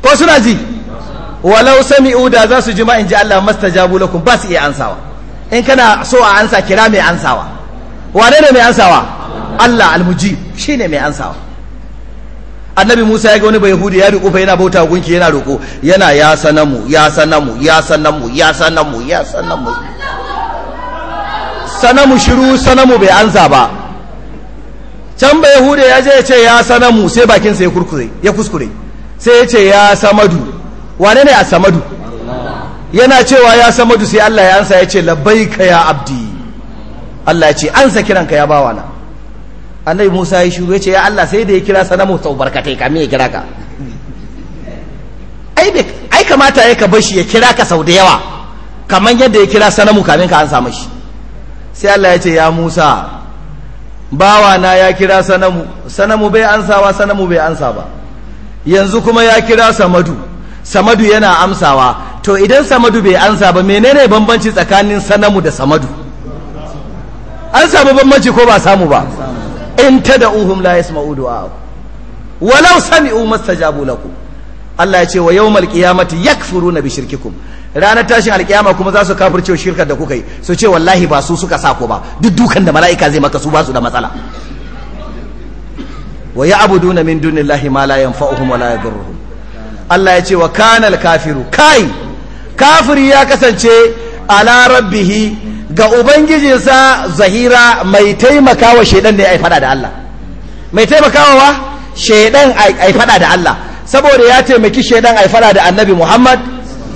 قصنا زي walau sami da za su ji ma'in in ji Allah jabu lakum ba su iya ansawa in kana so a ansa kira mai ansawa wane ne mai ansawa Allah shi ne mai ansawa annabi Musa ya ga wani bayahudi ya riƙo fa yana bauta gunki yana roƙo yana ya sanamu ya sanamu ya sanamu ya sanamu ya sanamu sanamu shiru sanamu bai ansa ba can bayahudi ya je ya ce ya sanamu sai bakin sa ya kurkure ya kuskure sai ya ce ya samadu wane ne a samadu yana cewa ya samadu sai Allah ya ansa ya ce ka ya abdi Allah ya ce ansa kiranka ya bawa na annabi Musa ya shiru ya ce ya Allah sai da ya kira sanamu sau barkatai kamin ya kira ka ai kamata ya ka bashi ya kira ka sau da yawa kamar yadda ya kira sanamu kamin ka ansa mashi sai Allah ya ce ya Musa bawa na ya kira sanamu sanamu bai ansawa sanamu bai ansa ba yanzu kuma ya kira samadu samadu yana amsawa to idan samadu bai ansa ba menene bambanci tsakanin sanamu da samadu an samu bambanci ko ba samu ba in ta da uhum la yasma du'a walau sami'u mastajabu lakum Allah ya ce wa yawmal qiyamati yakfuruna bi shirkikum ranar tashin alkiyama kuma za su kafirce shirkar da kuka yi su ce wallahi ba su suka sa ku ba duk dukan da mala'ika zai maka su ba su da matsala wa ya'buduna min dunillahi ma la yanfa'uhum wa la yadurruhum Allah ya ce wa kanal kafiru kai kafiri ya kasance ala rabbihi ga ubangijinsa zahira mai taimakawa shaidan ne ai fada da Allah mai taimakawa wa shaidan ai fada da Allah saboda ya taimaki shaidan ai fada da annabi Muhammad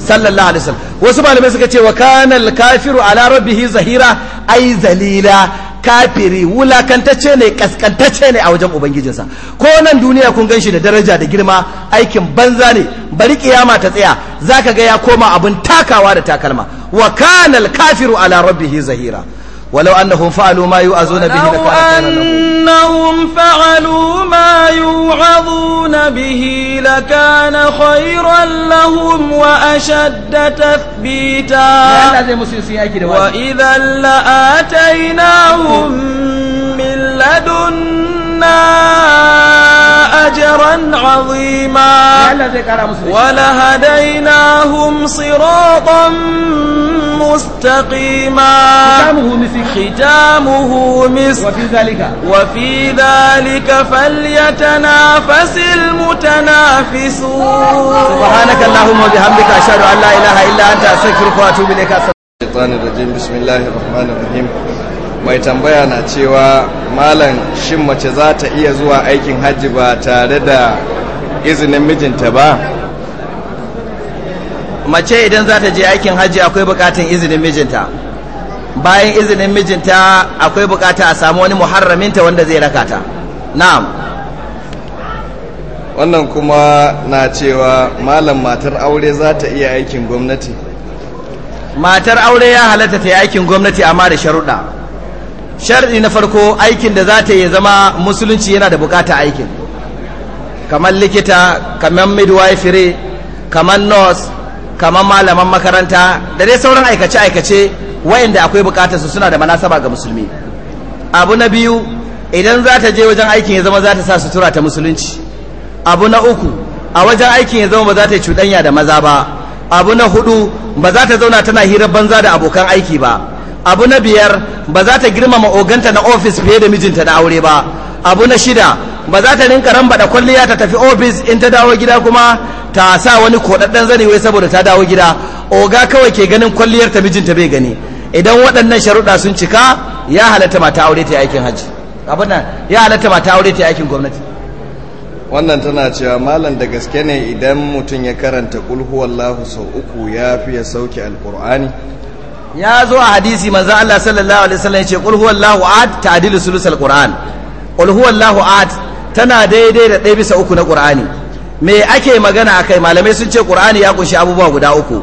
sallallahu alaihi wasallam wasu malamai suka ce wa kanal kafiru ala rabbihi zahira ai zalila kafiri wulakantacce ne kaskantacce ne a wajen ubangijinsa ko nan duniya kun gan shi da daraja da girma aikin banza ne bari kiyama ta tsaya zaka ga ya koma abin takawa da takalma wa kanal kafiru ala rabbihi zahira ولو أنهم فعلوا ما يوعظون به لكان خيرا لهم أنهم فعلوا ما يوعظون به لكان خيرا لهم وأشد تثبيتا وإذا لآتيناهم من لدن أجرا عظيما ولهديناهم صراطا مستقيما ختامه مسك وفي ذلك, وفي ذلك فليتنافس المتنافسون سبحانك اللهم وبحمدك أشهد أن لا إله إلا أنت أستغفرك وأتوب إليك الشيطان الرجيم بسم الله الرحمن الرحيم mai tambaya na cewa malam shin mace za ta iya zuwa aikin hajji ba tare da izinin mijinta ba mace idan za ta je aikin hajji akwai bukatun izinin mijinta bayan izinin mijinta akwai bukata a samu wani muharraminta wanda zai raka ta na'am wannan kuma na cewa malam matar aure za ta iya aikin gwamnati matar aure ya halatta ta yi aikin gwamnati amma da sharuɗa shar'i na farko aikin da za ta yi zama musulunci yana da bukata aikin kamar likita kamar midwifery kamar nurse kamar malaman makaranta da dai sauran aikace-aikace wayanda akwai bukatar su suna da manasaba ga musulmi abu na biyu idan za ta je wajen aikin ya zama za ta sa sutura ta musulunci abu na uku a wajen aikin ya zama ba za ta yi cuɗanya da maza ba abu na hudu ba za ta zauna tana hirar banza da abokan aiki ba abu na biyar ba za ta girmama oganta na ofis fiye da mijinta na aure ba abu na shida ba za ta rinka rambaɗa kwalliya ta tafi ofis in ta dawo gida kuma ta sa wani koɗaɗɗen zane wai saboda ta dawo gida oga kawai ke ganin kwalliyar ta mijinta bai gani idan waɗannan sharuɗa sun cika ya halatta mata aure ta aikin hajji abin ya halatta mata aure ta aikin gwamnati wannan tana cewa malam da gaske ne idan mutum ya karanta kulhuwallahu sau uku ya fi ya sauke alkur'ani ya zo a hadisi manzo Allah sallallahu alaihi wasallam yace qul huwallahu ahad ta'dilu sulusul qur'an qul huwallahu ahad tana daidai da ɗaya bisa uku na qur'ani me ake magana akai malamai sun ce qur'ani ya kunshi abubuwa guda uku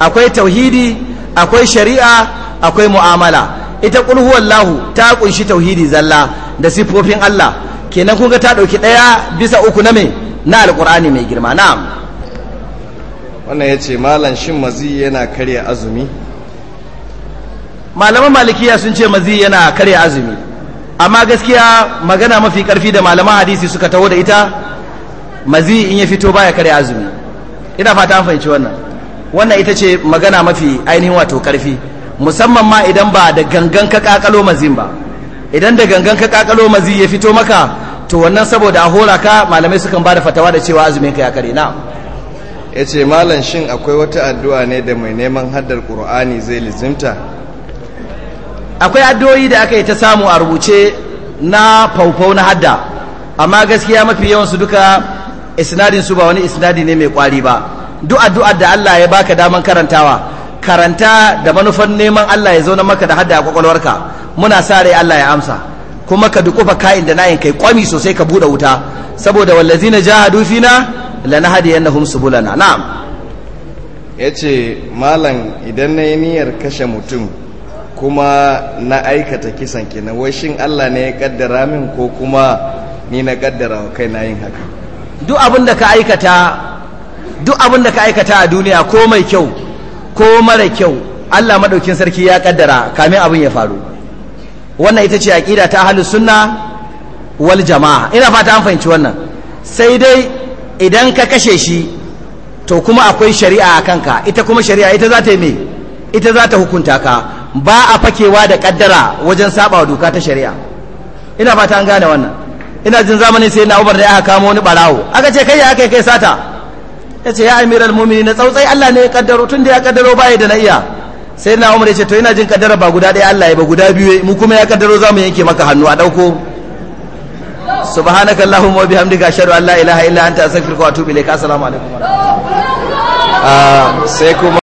akwai tauhidi akwai shari'a akwai mu'amala ita qul huwallahu ta kunshi tauhidi zalla da sifofin Allah kenan kun ga ta dauki ɗaya bisa uku na me na alqur'ani mai girma na'am wannan yace malam shin mazi yana karya azumi malaman malikiya sun ce mazi yana karya azumi amma gaskiya magana mafi karfi da malaman hadisi suka taho da ita mazi in ya fito baya karya azumi ina fata an fahimci wannan wannan ita ce magana mafi ainihin wato karfi musamman ma idan ba da gangan ka kakalo mazin ba idan da gangan ka kakalo mazi ya fito maka to wannan saboda a hora ka malamai sukan ba da fatawa da cewa azumin ka ya kare na ya ce malam shin akwai wata addu'a ne da mai neman haddar qur'ani zai lizimta akwai addu'o'i da aka yi ta samu a rubuce na faufau na hadda amma gaskiya mafi yawan su duka isnadin su ba wani isnadi ne mai kwari ba duk addu'a da Allah ya baka daman karantawa karanta da manufan neman Allah ya zauna maka da hadda a kwakwalwarka muna sa rai Allah ya amsa kuma ka dukufa ka'in da nayin kai kwami sosai ka bude wuta saboda wallazina jahadu fina lanahdiyannahum subulana na'am yace malam idan nayi niyyar kashe mutum kuma na aikata kisan kenan wai shin Allah ne ya kaddara min ko kuma ni na kaddara wa kai na yin haka duk abin da ka aikata duk abin da ka aikata a duniya ko mai kyau ko mara kyau Allah madaukin sarki ya kaddara kamin abin ya faru wannan ita ce aqida ta ahlus sunna wal jama'a ina fata an fahimci wannan sai dai idan ka kashe shi to kuma akwai shari'a a kanka ita kuma shari'a ita za ta yi me ita za ta hukunta ka ba a fakewa da kaddara wajen saba wa doka ta shari'a ina fata an gane wannan ina jin zamanin sai na ubar da aka kamo wani barawo aka ce kai ya kai kai sata ya ce ya amiral mumini na tsautsai Allah ne ya kaddaro tun da ya kaddaro baya da na iya sai na umar ya ce to ina jin kaddara ba guda ɗaya Allah ya ba guda biyu mu kuma ya kaddaro za mu yanke maka hannu a ɗauko subhanakallahumma wa bihamdika ashhadu an la ilaha illa anta astaghfiruka wa atubu ilaik assalamu alaikum ah, sai kuma